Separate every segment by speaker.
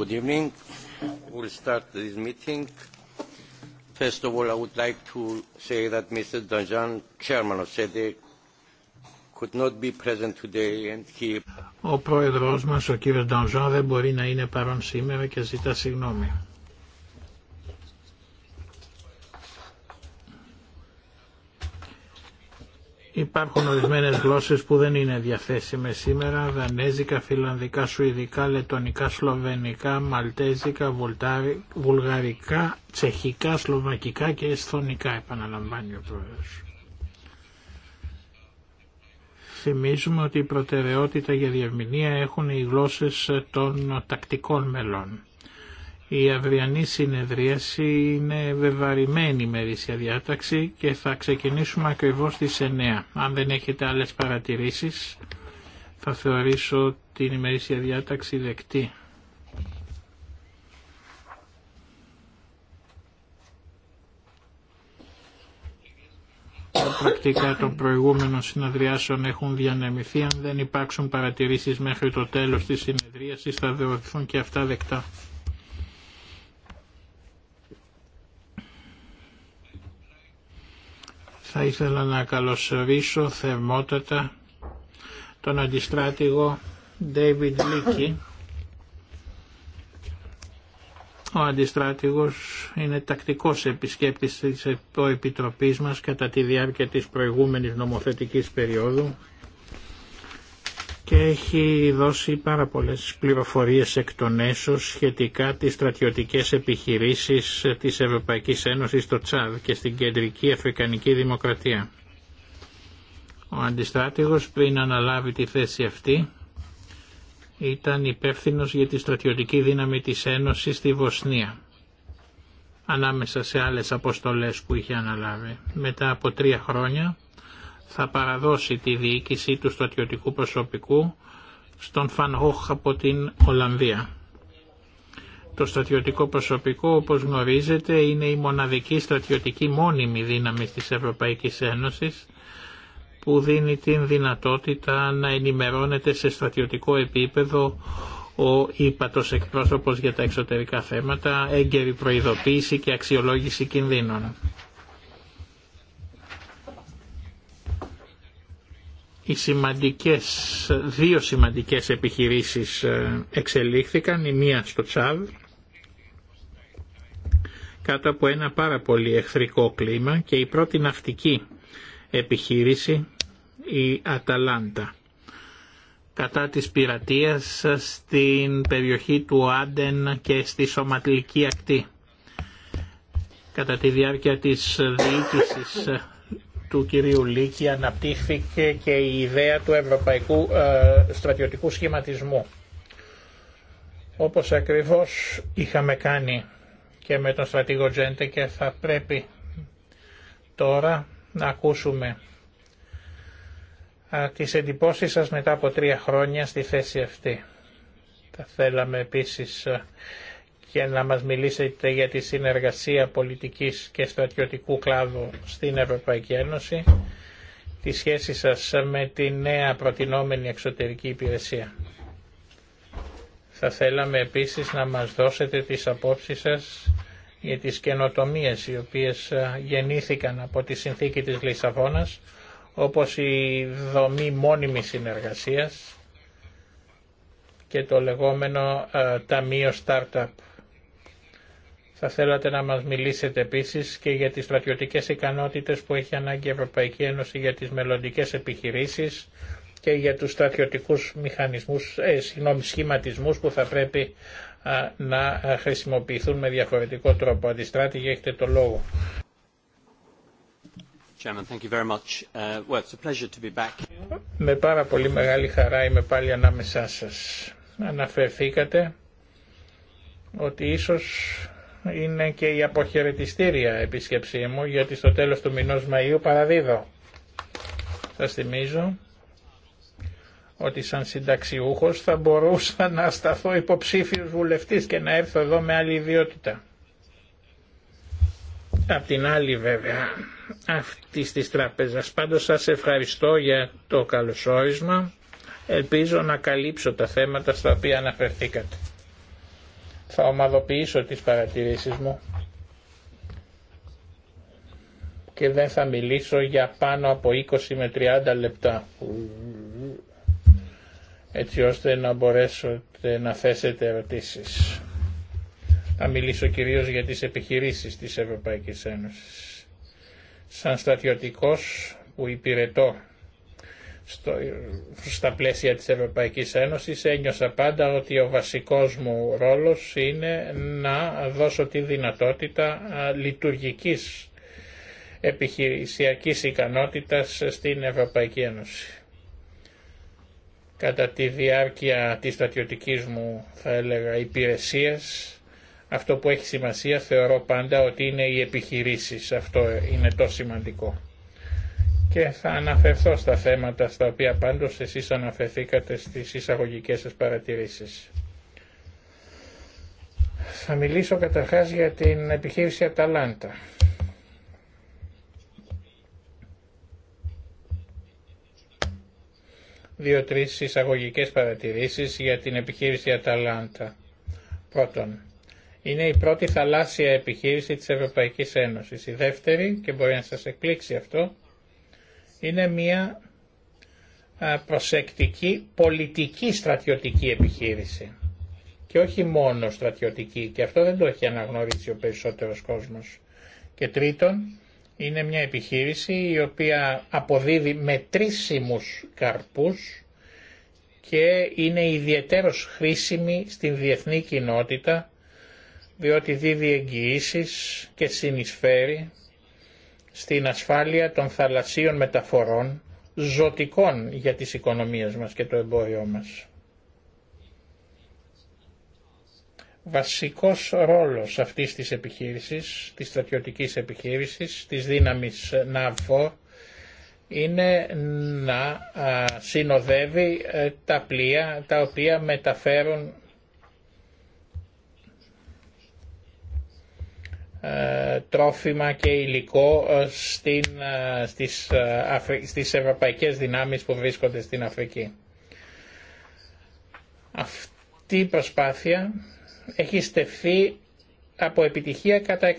Speaker 1: Good evening. We'll start this meeting. First of all, I would like to say that Mr. Danjan, chairman of SEDE, could not be present today and he... Ο πρόεδρος μας, ο κύριος Ντανζάν, δεν μπορεί να είναι παρόν σήμερα και ζητά συγγνώμη. Υπάρχουν ορισμένες γλώσσες που δεν είναι διαθέσιμες σήμερα, δανέζικα, φιλανδικά, σουηδικά, Λετωνικά, σλοβενικά, μαλτέζικα, βουλγαρικά, τσεχικά, σλοβακικά και εσθονικά, επαναλαμβάνει ο πρόεδρος. Θυμίζουμε ότι η προτεραιότητα για διευμηνία έχουν οι γλώσσες των τακτικών μελών. Η αυριανή συνεδρίαση είναι βεβαρημένη ημερήσια διάταξη και θα ξεκινήσουμε ακριβώς στις 9. Αν δεν έχετε άλλες παρατηρήσεις θα θεωρήσω την ημερήσια διάταξη δεκτή. Τα πρακτικά των προηγούμενων συνεδριάσεων έχουν διανεμηθεί. Αν δεν υπάρξουν παρατηρήσεις μέχρι το τέλος της συνεδρίασης θα θεωρηθούν και αυτά δεκτά. Θα ήθελα να καλωσορίσω θερμότατα τον αντιστράτηγο David Λίκη. Ο αντιστράτηγος είναι τακτικός επισκέπτης της Επιτροπής μας κατά τη διάρκεια της προηγούμενης νομοθετικής περίοδου και έχει δώσει πάρα πολλές πληροφορίες εκ των έσω σχετικά τις στρατιωτικές επιχειρήσεις της Ευρωπαϊκής Ένωσης στο Τσάδ και στην Κεντρική Αφρικανική Δημοκρατία. Ο αντιστράτηγος πριν αναλάβει τη θέση αυτή ήταν υπεύθυνο για τη στρατιωτική δύναμη της Ένωσης στη Βοσνία ανάμεσα σε άλλες αποστολές που είχε αναλάβει. Μετά από τρία χρόνια θα παραδώσει τη διοίκησή του στρατιωτικού προσωπικού στον Φανχόχ από την Ολλανδία. Το στρατιωτικό προσωπικό, όπως γνωρίζετε, είναι η μοναδική στρατιωτική μόνιμη δύναμη της Ευρωπαϊκής Ένωσης που δίνει την δυνατότητα να ενημερώνεται σε στρατιωτικό επίπεδο ο ύπατος εκπρόσωπος για τα εξωτερικά θέματα, έγκαιρη προειδοποίηση και αξιολόγηση κινδύνων. οι σημαντικές, δύο σημαντικές επιχειρήσεις ε, εξελίχθηκαν, η μία στο Τσάβ, κάτω από ένα πάρα πολύ εχθρικό κλίμα και η πρώτη ναυτική επιχείρηση, η Αταλάντα, κατά της πειρατείας στην περιοχή του Άντεν και στη Σωματική Ακτή. Κατά τη διάρκεια της διοίκησης του κυρίου Λίκη αναπτύχθηκε και η ιδέα του ευρωπαϊκού ε, στρατιωτικού σχηματισμού. Όπως ακριβώς είχαμε κάνει και με τον στρατηγό Τζέντε και θα πρέπει τώρα να ακούσουμε τις εντυπώσεις σας μετά από τρία χρόνια στη θέση αυτή. Θα θέλαμε επίσης ε, και να μας μιλήσετε για τη συνεργασία πολιτικής και στρατιωτικού κλάδου στην Ευρωπαϊκή Ένωση, τη σχέση σας με τη νέα προτινόμενη εξωτερική υπηρεσία. Θα θέλαμε επίσης να μας δώσετε τις απόψεις σας για τις καινοτομίες οι οποίες ε, γεννήθηκαν από τη συνθήκη της Λισαβόνας, όπως η δομή μόνιμης συνεργασίας και το λεγόμενο ε, Ταμείο Startup. Θα θέλατε να μας μιλήσετε επίσης και για τις στρατιωτικές ικανότητες που έχει ανάγκη η Ευρωπαϊκή Ένωση για τις μελλοντικές επιχειρήσεις και για τους στρατιωτικούς μηχανισμούς, ε, σχηματισμούς που θα πρέπει να χρησιμοποιηθούν με διαφορετικό τρόπο. Αντιστράτηγε, έχετε το λόγο. Με πάρα πολύ μεγάλη χαρά είμαι πάλι ανάμεσά σας. Αναφερθήκατε ότι ίσως είναι και η αποχαιρετιστήρια επίσκεψή μου γιατί στο τέλος του μηνός Μαΐου παραδίδω. Θα θυμίζω ότι σαν συνταξιούχος θα μπορούσα να σταθώ υποψήφιος βουλευτής και να έρθω εδώ με άλλη ιδιότητα. Απ' την άλλη βέβαια αυτή της τράπεζας. Πάντως σας ευχαριστώ για το καλωσόρισμα. Ελπίζω να καλύψω τα θέματα στα οποία αναφερθήκατε. Θα ομαδοποιήσω τις παρατηρήσεις μου και δεν θα μιλήσω για πάνω από 20 με 30 λεπτά έτσι ώστε να μπορέσετε να θέσετε ερωτήσεις. Θα μιλήσω κυρίως για τις επιχειρήσεις της Ευρωπαϊκής Ένωσης. Σαν στρατιωτικός που υπηρετώ στο, στα πλαίσια της Ευρωπαϊκής Ένωσης ένιωσα πάντα ότι ο βασικός μου ρόλος είναι να δώσω τη δυνατότητα λειτουργικής επιχειρησιακής ικανότητας στην Ευρωπαϊκή Ένωση. Κατά τη διάρκεια της στρατιωτικής μου, θα έλεγα, υπηρεσίας, αυτό που έχει σημασία θεωρώ πάντα ότι είναι οι επιχειρήσεις. Αυτό είναι το σημαντικό και θα αναφερθώ στα θέματα στα οποία πάντως εσείς αναφερθήκατε στις εισαγωγικές σας παρατηρήσεις. Θα μιλήσω καταρχάς για την επιχείρηση Αταλάντα. Δύο-τρεις εισαγωγικές παρατηρήσεις για την επιχείρηση Αταλάντα. Πρώτον, είναι η πρώτη θαλάσσια επιχείρηση της Ευρωπαϊκής Ένωσης. Η δεύτερη, και μπορεί να σας εκπλήξει αυτό, είναι μια προσεκτική πολιτική στρατιωτική επιχείρηση και όχι μόνο στρατιωτική και αυτό δεν το έχει αναγνωρίσει ο περισσότερος κόσμος. Και τρίτον, είναι μια επιχείρηση η οποία αποδίδει μετρήσιμους καρπούς και είναι ιδιαίτερος χρήσιμη στην διεθνή κοινότητα διότι δίδει εγγυήσει και συνεισφέρει στην ασφάλεια των θαλασσίων μεταφορών ζωτικών για τις οικονομίες μας και το εμπόριό μας. Βασικός ρόλος αυτής της επιχείρησης, της στρατιωτικής επιχείρησης, της δύναμης ΝΑΒΟ, είναι να συνοδεύει ε, τα πλοία τα οποία μεταφέρουν Ε, τρόφιμα και υλικό ε, στην, ε, στις, στις ευρωπαϊκές δυνάμεις που βρίσκονται στην Αφρική. Αυτή η προσπάθεια έχει στεφθεί από επιτυχία κατά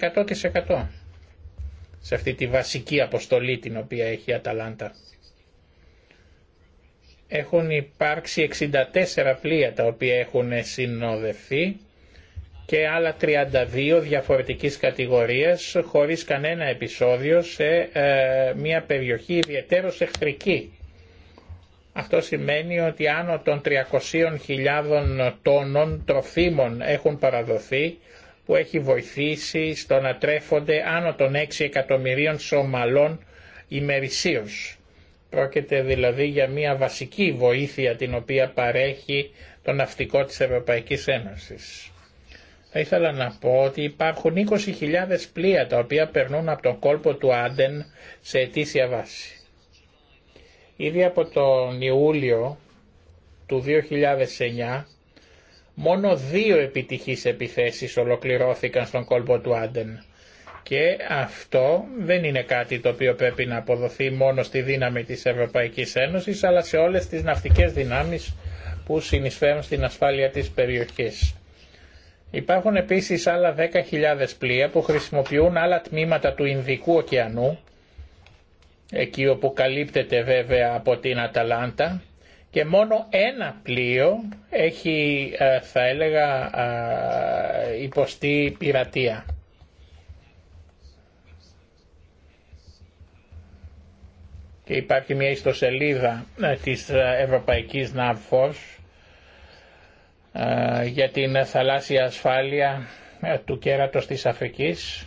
Speaker 1: 100% σε αυτή τη βασική αποστολή την οποία έχει η Αταλάντα. Έχουν υπάρξει 64 πλοία τα οποία έχουν συνοδευτεί και άλλα 32 διαφορετικής κατηγορίας χωρίς κανένα επεισόδιο σε ε, μια περιοχή ιδιαίτερως εχθρική. Αυτό σημαίνει ότι άνω των 300.000 τόνων τροφίμων έχουν παραδοθεί που έχει βοηθήσει στο να τρέφονται άνω των 6 εκατομμυρίων σωμαλών ημερησίως. Πρόκειται δηλαδή για μια βασική βοήθεια την οποία παρέχει το ναυτικό της Ευρωπαϊκής Ένωσης θα ήθελα να πω ότι υπάρχουν 20.000 πλοία τα οποία περνούν από τον κόλπο του Άντεν σε ετήσια βάση. Ήδη από τον Ιούλιο του 2009 μόνο δύο επιτυχείς επιθέσεις ολοκληρώθηκαν στον κόλπο του Άντεν και αυτό δεν είναι κάτι το οποίο πρέπει να αποδοθεί μόνο στη δύναμη της Ευρωπαϊκής Ένωσης αλλά σε όλες τις ναυτικές δυνάμεις που συνεισφέρουν στην ασφάλεια της περιοχής. Υπάρχουν επίσης άλλα 10.000 πλοία που χρησιμοποιούν άλλα τμήματα του Ινδικού ωκεανού, εκεί όπου καλύπτεται βέβαια από την Αταλάντα, και μόνο ένα πλοίο έχει, ε, θα έλεγα, ε, υποστεί πειρατεία. Και υπάρχει μια ιστοσελίδα ε, της Ευρωπαϊκής Ναυφός ε, για την θαλάσσια ασφάλεια ε, του κέρατος της Αφρικής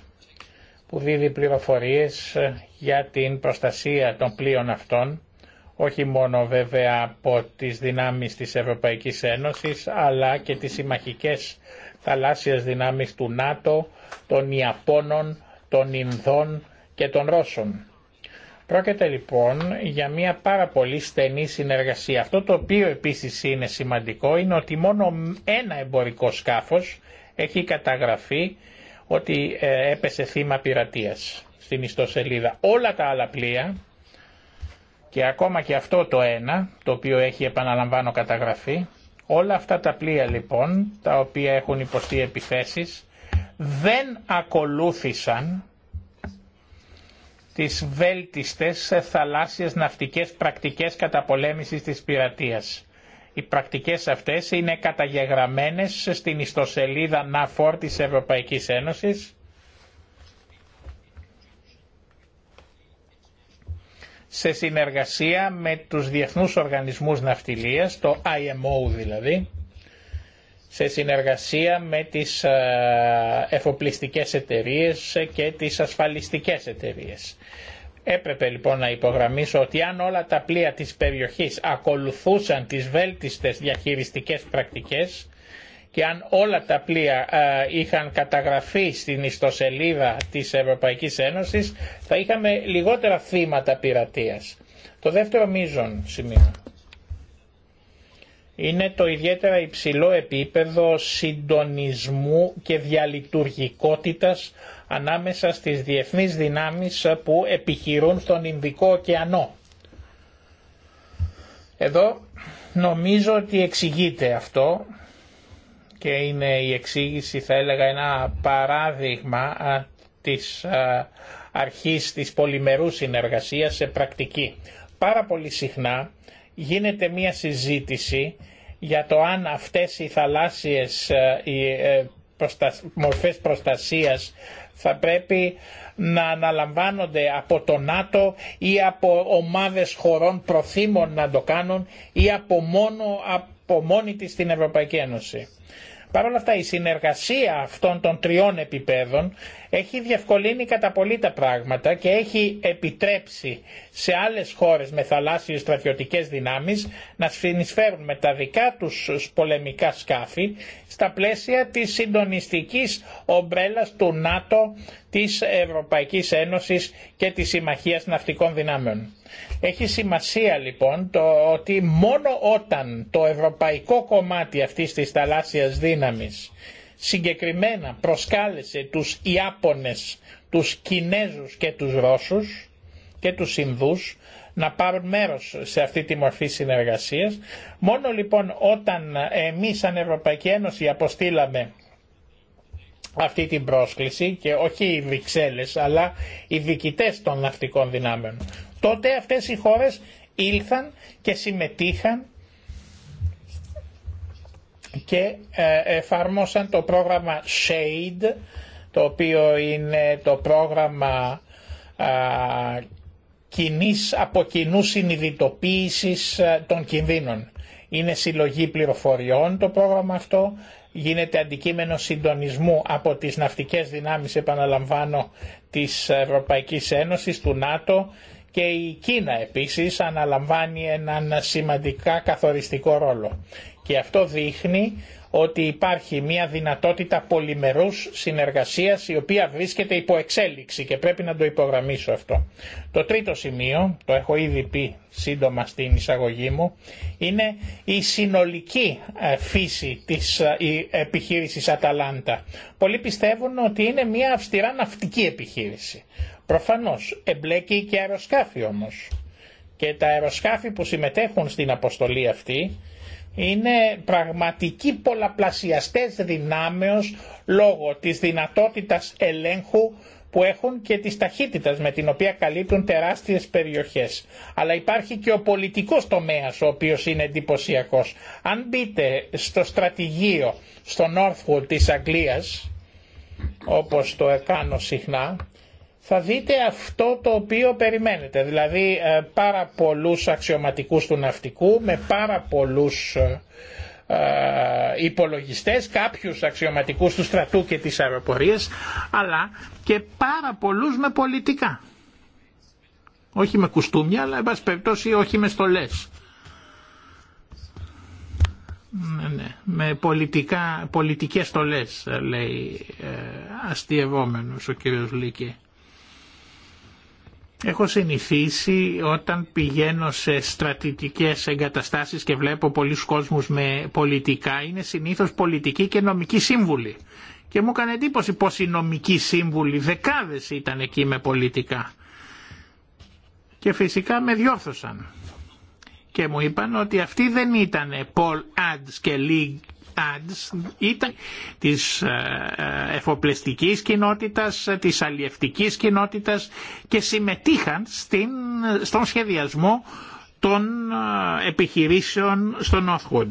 Speaker 1: που δίδει πληροφορίες ε, για την προστασία των πλοίων αυτών όχι μόνο βέβαια από τις δυνάμεις της Ευρωπαϊκής Ένωσης αλλά και τις συμμαχικές θαλάσσιες δυνάμεις του ΝΑΤΟ, των Ιαπώνων, των Ινδών και των Ρώσων. Πρόκειται λοιπόν για μια πάρα πολύ στενή συνεργασία. Αυτό το οποίο επίσης είναι σημαντικό είναι ότι μόνο ένα εμπορικό σκάφος έχει καταγραφεί ότι ε, έπεσε θύμα πειρατείας στην ιστοσελίδα. Όλα τα άλλα πλοία και ακόμα και αυτό το ένα, το οποίο έχει επαναλαμβάνω καταγραφεί, όλα αυτά τα πλοία λοιπόν, τα οποία έχουν υποστεί επιθέσεις, δεν ακολούθησαν τις βέλτιστες θαλάσσιες ναυτικές πρακτικές καταπολέμησης της πειρατείας. Οι πρακτικές αυτές είναι καταγεγραμμένες στην ιστοσελίδα NAFOR της Ευρωπαϊκής Ένωσης σε συνεργασία με τους διεθνούς οργανισμούς ναυτιλίας, το IMO δηλαδή, σε συνεργασία με τις ε, εφοπλιστικές εταιρείες και τις ασφαλιστικές εταιρείες. Έπρεπε λοιπόν να υπογραμμίσω ότι αν όλα τα πλοία της περιοχής ακολουθούσαν τις βέλτιστες διαχειριστικές πρακτικές και αν όλα τα πλοία ε, είχαν καταγραφεί στην ιστοσελίδα της Ευρωπαϊκής Ένωσης θα είχαμε λιγότερα θύματα πειρατείας. Το δεύτερο μείζον σημείο είναι το ιδιαίτερα υψηλό επίπεδο συντονισμού και διαλειτουργικότητας ανάμεσα στις διεθνείς δυνάμεις που επιχειρούν στον Ινδικό ωκεανό. Εδώ νομίζω ότι εξηγείται αυτό και είναι η εξήγηση θα έλεγα ένα παράδειγμα της αρχής της πολυμερούς συνεργασίας σε πρακτική. Πάρα πολύ συχνά γίνεται μια συζήτηση για το αν αυτές οι θαλάσσιες ε, οι ε, μορφές προστασίας θα πρέπει να αναλαμβάνονται από το ΝΑΤΟ ή από ομάδες χωρών προθύμων να το κάνουν ή από, μόνο, από μόνη της την Ευρωπαϊκή Ένωση. Παρ' όλα αυτά η συνεργασία αυτών των τριών επιπέδων έχει διευκολύνει κατά πολύ τα πράγματα και έχει επιτρέψει σε άλλες χώρες με θαλάσσιες στρατιωτικές δυνάμεις να συνεισφέρουν με τα δικά τους πολεμικά σκάφη στα πλαίσια της συντονιστικής ομπρέλας του ΝΑΤΟ, της Ευρωπαϊκής Ένωσης και της Συμμαχίας Ναυτικών Δυνάμεων. Έχει σημασία λοιπόν το ότι μόνο όταν το ευρωπαϊκό κομμάτι αυτής της θαλάσσιας δύναμης συγκεκριμένα προσκάλεσε τους Ιάπωνες, τους Κινέζους και τους Ρώσους και τους Ινδούς να πάρουν μέρος σε αυτή τη μορφή συνεργασίας. Μόνο λοιπόν όταν εμείς σαν Ευρωπαϊκή Ένωση αποστήλαμε αυτή την πρόσκληση και όχι οι Βρυξέλλες αλλά οι διοικητές των ναυτικών δυνάμεων τότε αυτές οι χώρες ήλθαν και συμμετείχαν και ε, εφάρμοσαν το πρόγραμμα SHADE, το οποίο είναι το πρόγραμμα α, από κοινού συνειδητοποίησης ε, των κινδύνων. Είναι συλλογή πληροφοριών το πρόγραμμα αυτό, γίνεται αντικείμενο συντονισμού από τις ναυτικές δυνάμεις, επαναλαμβάνω, της Ευρωπαϊκής Ένωσης, του ΝΑΤΟ και η Κίνα επίσης αναλαμβάνει έναν σημαντικά καθοριστικό ρόλο. Και αυτό δείχνει ότι υπάρχει μια δυνατότητα πολυμερούς συνεργασίας η οποία βρίσκεται υπό εξέλιξη και πρέπει να το υπογραμμίσω αυτό. Το τρίτο σημείο, το έχω ήδη πει σύντομα στην εισαγωγή μου, είναι η συνολική ε, φύση της ε, επιχείρησης Αταλάντα. Πολλοί πιστεύουν ότι είναι μια αυστηρά ναυτική επιχείρηση. Προφανώς εμπλέκει και αεροσκάφη όμως. Και τα αεροσκάφη που συμμετέχουν στην αποστολή αυτή είναι πραγματικοί πολλαπλασιαστές δυνάμεως λόγω της δυνατότητας ελέγχου που έχουν και της ταχύτητας με την οποία καλύπτουν τεράστιες περιοχές. Αλλά υπάρχει και ο πολιτικός τομέας ο οποίος είναι εντυπωσιακό. Αν μπείτε στο στρατηγείο στο Northwood της Αγγλίας, όπως το κάνω συχνά, θα δείτε αυτό το οποίο περιμένετε. Δηλαδή ε, πάρα πολλούς αξιωματικούς του ναυτικού με πάρα πολλούς ε, ε, υπολογιστές, κάποιους αξιωματικούς του στρατού και της αεροπορίας, αλλά και πάρα πολλούς με πολιτικά. Όχι με κουστούμια, αλλά εν πάση περιπτώσει όχι με στολές. Ναι, ναι. Με πολιτικά, πολιτικές στολές, λέει ε, ο κύριος Λίκη. Έχω συνηθίσει όταν πηγαίνω σε στρατητικές εγκαταστάσεις και βλέπω πολλούς κόσμους με πολιτικά, είναι συνήθως πολιτικοί και νομικοί σύμβουλοι. Και μου έκανε εντύπωση πως οι νομικοί σύμβουλοι δεκάδες ήταν εκεί με πολιτικά. Και φυσικά με διόρθωσαν. Και μου είπαν ότι αυτοί δεν ήταν Paul Ads και League ads ήταν της ε, ε, εφοπλιστικής κοινότητας, ε, της αλλιευτικής κοινότητας και συμμετείχαν στην, στον σχεδιασμό των επιχειρήσεων στο Northwood.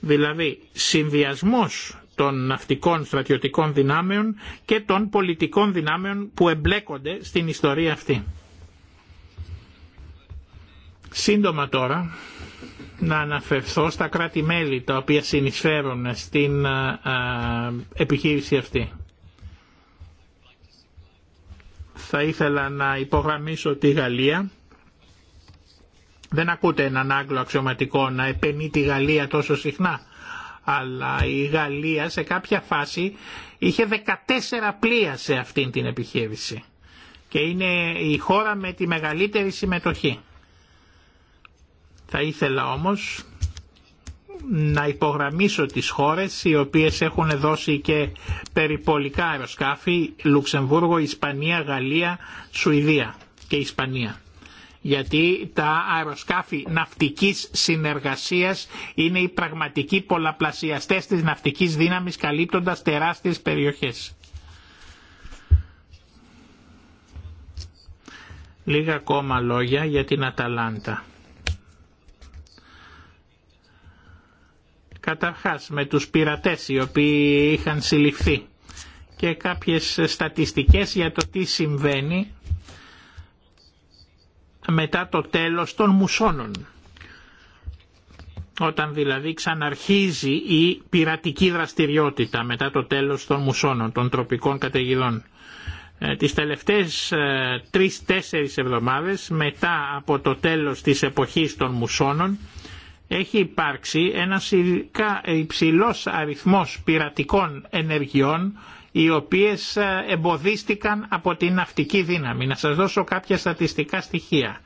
Speaker 1: Δηλαδή συνδυασμός των ναυτικών στρατιωτικών δυνάμεων και των πολιτικών δυνάμεων που εμπλέκονται στην ιστορία αυτή. Σύντομα τώρα να αναφερθώ στα κράτη-μέλη τα οποία συνεισφέρουν στην ε, ε, επιχείρηση αυτή. Θα ήθελα να υπογραμμίσω τη Γαλλία. Δεν ακούτε έναν Άγγλο αξιωματικό να επενεί τη Γαλλία τόσο συχνά. Αλλά η Γαλλία σε κάποια φάση είχε 14 πλοία σε αυτήν την επιχείρηση. Και είναι η χώρα με τη μεγαλύτερη συμμετοχή. Θα ήθελα όμως να υπογραμμίσω τις χώρες οι οποίες έχουν δώσει και περιπολικά αεροσκάφη Λουξεμβούργο, Ισπανία, Γαλλία, Σουηδία και Ισπανία. Γιατί τα αεροσκάφη ναυτικής συνεργασίας είναι οι πραγματικοί πολλαπλασιαστές της ναυτικής δύναμης καλύπτοντας τεράστιες περιοχές. Λίγα ακόμα λόγια για την Αταλάντα. Καταρχάς με τους πειρατές οι οποίοι είχαν συλληφθεί και κάποιες στατιστικές για το τι συμβαίνει μετά το τέλος των μουσώνων. Όταν δηλαδή ξαναρχίζει η πειρατική δραστηριότητα μετά το τέλος των μουσώνων, των τροπικών καταιγιδών. Ε, τις τελευταίες ε, τρεις-τέσσερις εβδομάδες μετά από το τέλος της εποχής των μουσώνων έχει υπάρξει ένας ειδικά υψηλός αριθμός πειρατικών ενεργειών οι οποίες ε, εμποδίστηκαν από την ναυτική δύναμη. Να σας δώσω κάποια στατιστικά στοιχεία.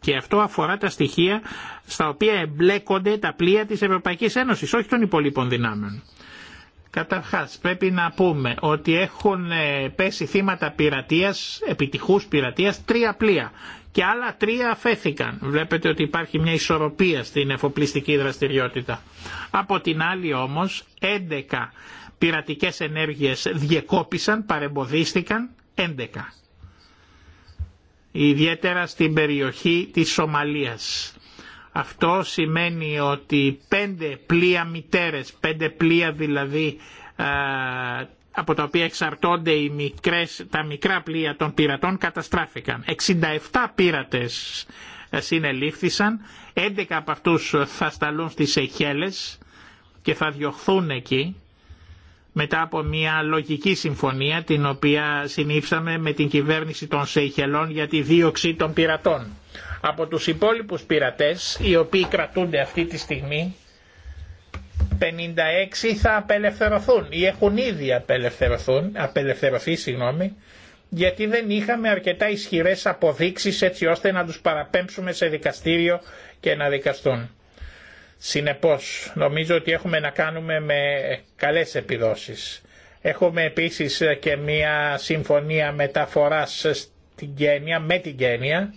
Speaker 1: Και αυτό αφορά τα στοιχεία στα οποία εμπλέκονται τα πλοία της Ευρωπαϊκής Ένωσης, όχι των υπολείπων δυνάμεων. Καταρχάς πρέπει να πούμε ότι έχουν ε, πέσει θύματα πειρατείας, επιτυχούς πειρατείας, τρία πλοία και άλλα τρία αφέθηκαν. Βλέπετε ότι υπάρχει μια ισορροπία στην εφοπλιστική δραστηριότητα. Από την άλλη όμως 11 πειρατικές ενέργειες διεκόπησαν, παρεμποδίστηκαν 11. Ιδιαίτερα στην περιοχή της Σομαλίας. Αυτό σημαίνει ότι πέντε πλοία μητέρες, πέντε πλοία δηλαδή από τα οποία εξαρτώνται μικρές, τα μικρά πλοία των πειρατών καταστράφηκαν. 67 πείρατες ε, συνελήφθησαν, 11 από αυτούς θα σταλούν στις Εχέλες και θα διωχθούν εκεί μετά από μια λογική συμφωνία την οποία συνήψαμε με την κυβέρνηση των Σεϊχελών για τη δίωξη των πειρατών. Από τους υπόλοιπους πειρατές οι οποίοι κρατούνται αυτή τη στιγμή 56 θα απελευθερωθούν ή έχουν ήδη απελευθερωθούν, απελευθερωθεί συγγνώμη, γιατί δεν είχαμε αρκετά ισχυρές αποδείξεις έτσι ώστε να τους παραπέμψουμε σε δικαστήριο και να δικαστούν. Συνεπώς νομίζω ότι έχουμε να κάνουμε με καλές επιδόσεις. Έχουμε επίσης και μια συμφωνία μεταφοράς στην Κένια, με την Κένια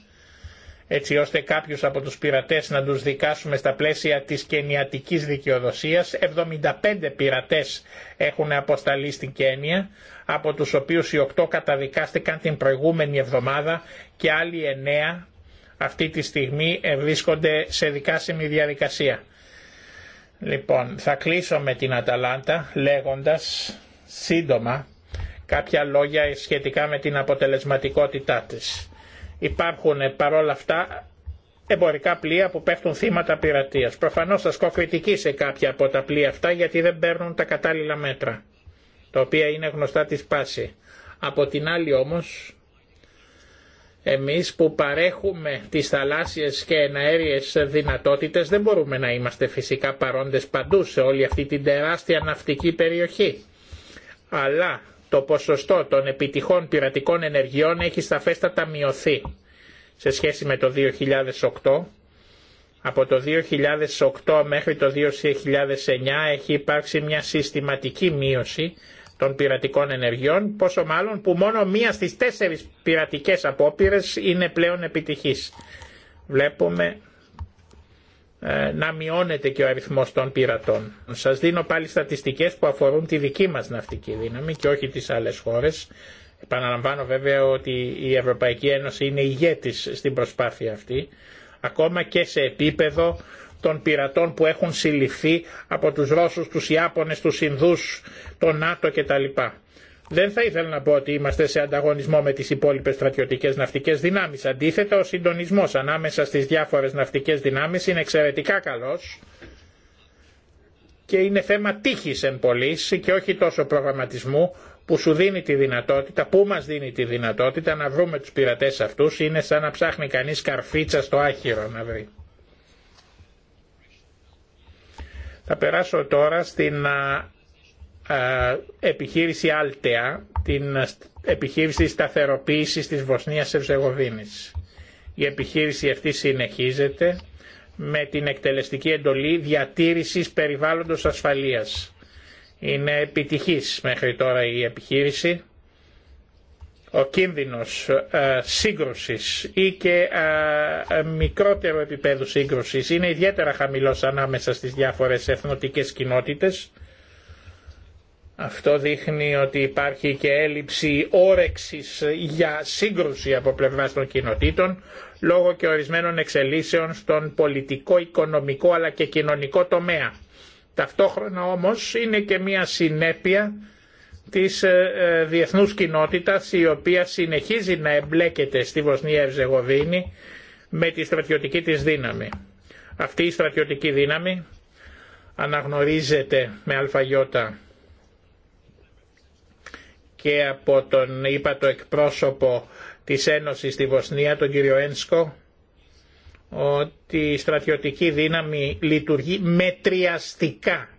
Speaker 1: έτσι ώστε κάποιους από τους πειρατές να τους δικάσουμε στα πλαίσια της κενιατικής δικαιοδοσίας. 75 πειρατές έχουν αποσταλεί στην Κένια, από τους οποίους οι 8 καταδικάστηκαν την προηγούμενη εβδομάδα και άλλοι 9 αυτή τη στιγμή βρίσκονται σε δικάσιμη διαδικασία. Λοιπόν, θα κλείσω με την Αταλάντα λέγοντας σύντομα κάποια λόγια σχετικά με την αποτελεσματικότητά της Υπάρχουν παρόλα αυτά εμπορικά πλοία που πέφτουν θύματα πειρατείας. Προφανώς ασκώ κριτική σε κάποια από τα πλοία αυτά γιατί δεν παίρνουν τα κατάλληλα μέτρα, τα οποία είναι γνωστά της πάση. Από την άλλη όμως, εμείς που παρέχουμε τις θαλάσσιες και εναέριες δυνατότητες δεν μπορούμε να είμαστε φυσικά παρόντες παντού σε όλη αυτή την τεράστια ναυτική περιοχή. Αλλά το ποσοστό των επιτυχών πειρατικών ενεργειών έχει σταφέστατα μειωθεί σε σχέση με το 2008. Από το 2008 μέχρι το 2009 έχει υπάρξει μια συστηματική μείωση των πειρατικών ενεργειών, πόσο μάλλον που μόνο μία στις τέσσερις πειρατικές απόπειρες είναι πλέον επιτυχής. Βλέπουμε ε, να μειώνεται και ο αριθμός των πειρατών. Σας δίνω πάλι στατιστικές που αφορούν τη δική μας ναυτική δύναμη και όχι τις άλλες χώρες. Επαναλαμβάνω βέβαια ότι η Ευρωπαϊκή Ένωση είναι ηγέτης στην προσπάθεια αυτή, ακόμα και σε επίπεδο των πειρατών που έχουν συλληφθεί από τους Ρώσους, τους Ιάπωνες, τους Ινδούς, τον ΝΑΤΟ κτλ. Δεν θα ήθελα να πω ότι είμαστε σε ανταγωνισμό με τις υπόλοιπες στρατιωτικές ναυτικές δυνάμεις. Αντίθετα, ο συντονισμός ανάμεσα στις διάφορες ναυτικές δυνάμεις είναι εξαιρετικά καλός και είναι θέμα τύχης εν πωλής και όχι τόσο προγραμματισμού που σου δίνει τη δυνατότητα, που μας δίνει τη δυνατότητα να βρούμε τους πειρατές αυτούς. Είναι σαν να ψάχνει κανείς καρφίτσα στο άχυρο να βρει. Θα περάσω τώρα στην ε, επιχείρηση Άλτεα, την επιχείρηση σταθεροποίησης της Βοσνίας Ευζεγοβίνης. Η επιχείρηση αυτή συνεχίζεται με την εκτελεστική εντολή διατήρησης περιβάλλοντος ασφαλείας. Είναι επιτυχής μέχρι τώρα η επιχείρηση. Ο κίνδυνος ε, σύγκρουσης ή και ε, μικρότερο επίπεδου σύγκρουσης είναι ιδιαίτερα χαμηλός ανάμεσα στις διάφορες εθνοτικές κοινότητες αυτό δείχνει ότι υπάρχει και έλλειψη όρεξης για σύγκρουση από πλευράς των κοινοτήτων λόγω και ορισμένων εξελίσεων στον πολιτικό, οικονομικό αλλά και κοινωνικό τομέα. Ταυτόχρονα όμως είναι και μια συνέπεια της ε, ε, διεθνούς κοινότητας η οποία συνεχίζει να εμπλέκεται στη Βοσνία Ευζεγοβίνη με τη στρατιωτική της δύναμη. Αυτή η στρατιωτική δύναμη αναγνωρίζεται με αλφαγιώτα και από τον είπα το εκπρόσωπο της Ένωσης στη Βοσνία, τον κύριο Ένσκο, ότι η στρατιωτική δύναμη λειτουργεί μετριαστικά,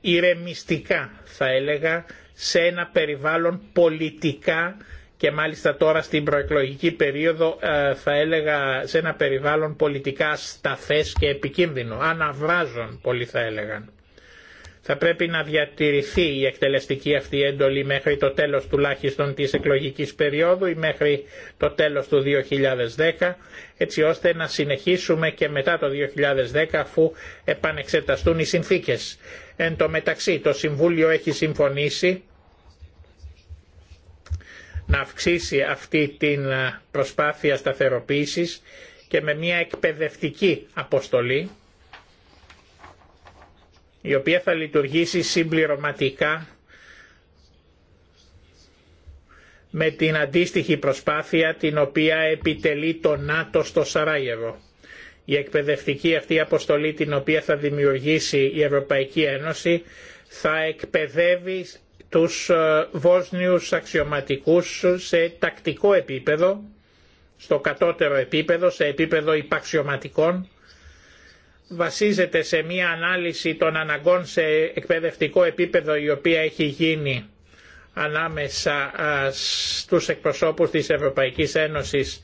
Speaker 1: ηρεμιστικά θα έλεγα, σε ένα περιβάλλον πολιτικά και μάλιστα τώρα στην προεκλογική περίοδο ε, θα έλεγα σε ένα περιβάλλον πολιτικά σταθές και επικίνδυνο, Αναβράζουν πολύ θα έλεγαν θα πρέπει να διατηρηθεί η εκτελεστική αυτή έντολη μέχρι το τέλος τουλάχιστον της εκλογικής περίοδου ή μέχρι το τέλος του 2010 έτσι ώστε να συνεχίσουμε και μετά το 2010 αφού επανεξεταστούν οι συνθήκες. Εν τω μεταξύ το Συμβούλιο έχει συμφωνήσει να αυξήσει αυτή την ε, προσπάθεια σταθεροποίησης και με μια εκπαιδευτική αποστολή η οποία θα λειτουργήσει συμπληρωματικά με την αντίστοιχη προσπάθεια την οποία επιτελεί το ΝΑΤΟ στο Σαράγεβο. Η εκπαιδευτική αυτή αποστολή την οποία θα δημιουργήσει η Ευρωπαϊκή Ένωση θα εκπαιδεύει τους ε, Βόσνιους αξιωματικούς σε τακτικό επίπεδο, στο κατώτερο επίπεδο, σε επίπεδο υπαξιωματικών βασίζεται σε μια ανάλυση των αναγκών σε εκπαιδευτικό επίπεδο η οποία έχει γίνει ανάμεσα στους εκπροσώπους της Ευρωπαϊκής Ένωσης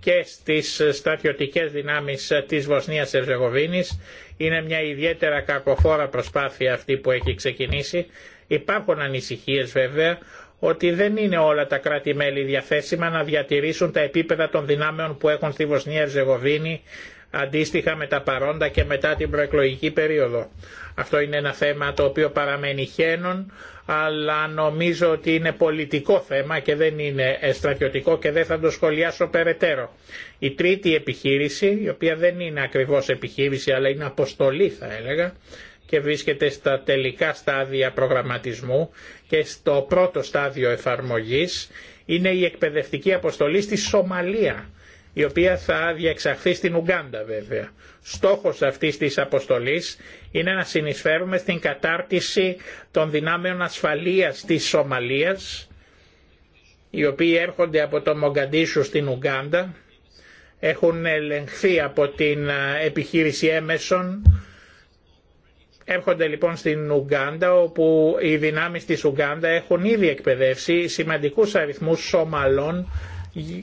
Speaker 1: και στις στρατιωτικές δυνάμεις της Βοσνίας Ευζεγοβίνης. Είναι μια ιδιαίτερα κακοφόρα προσπάθεια αυτή που έχει ξεκινήσει. Υπάρχουν ανησυχίες βέβαια ότι δεν είναι όλα τα κράτη-μέλη διαθέσιμα να διατηρήσουν τα επίπεδα των δυνάμεων που έχουν στη Βοσνία ερζεγοβινη αντίστοιχα με τα παρόντα και μετά την προεκλογική περίοδο. Αυτό είναι ένα θέμα το οποίο παραμένει χένον, αλλά νομίζω ότι είναι πολιτικό θέμα και δεν είναι ε, στρατιωτικό και δεν θα το σχολιάσω περαιτέρω. Η τρίτη επιχείρηση, η οποία δεν είναι ακριβώς επιχείρηση αλλά είναι αποστολή θα έλεγα, και βρίσκεται στα τελικά στάδια προγραμματισμού και στο πρώτο στάδιο εφαρμογής, είναι η εκπαιδευτική αποστολή στη Σομαλία η οποία θα διεξαχθεί στην Ουγκάντα βέβαια. Στόχος αυτής της αποστολής είναι να συνεισφέρουμε στην κατάρτιση των δυνάμεων ασφαλείας της Σομαλίας, οι οποίοι έρχονται από το Μογκαντήσου στην Ουγκάντα, έχουν ελεγχθεί από την ε, επιχείρηση Έμεσον, Έρχονται λοιπόν στην Ουγκάντα όπου οι δυνάμεις της Ουγκάντα έχουν ήδη εκπαιδεύσει σημαντικούς αριθμούς Σομαλών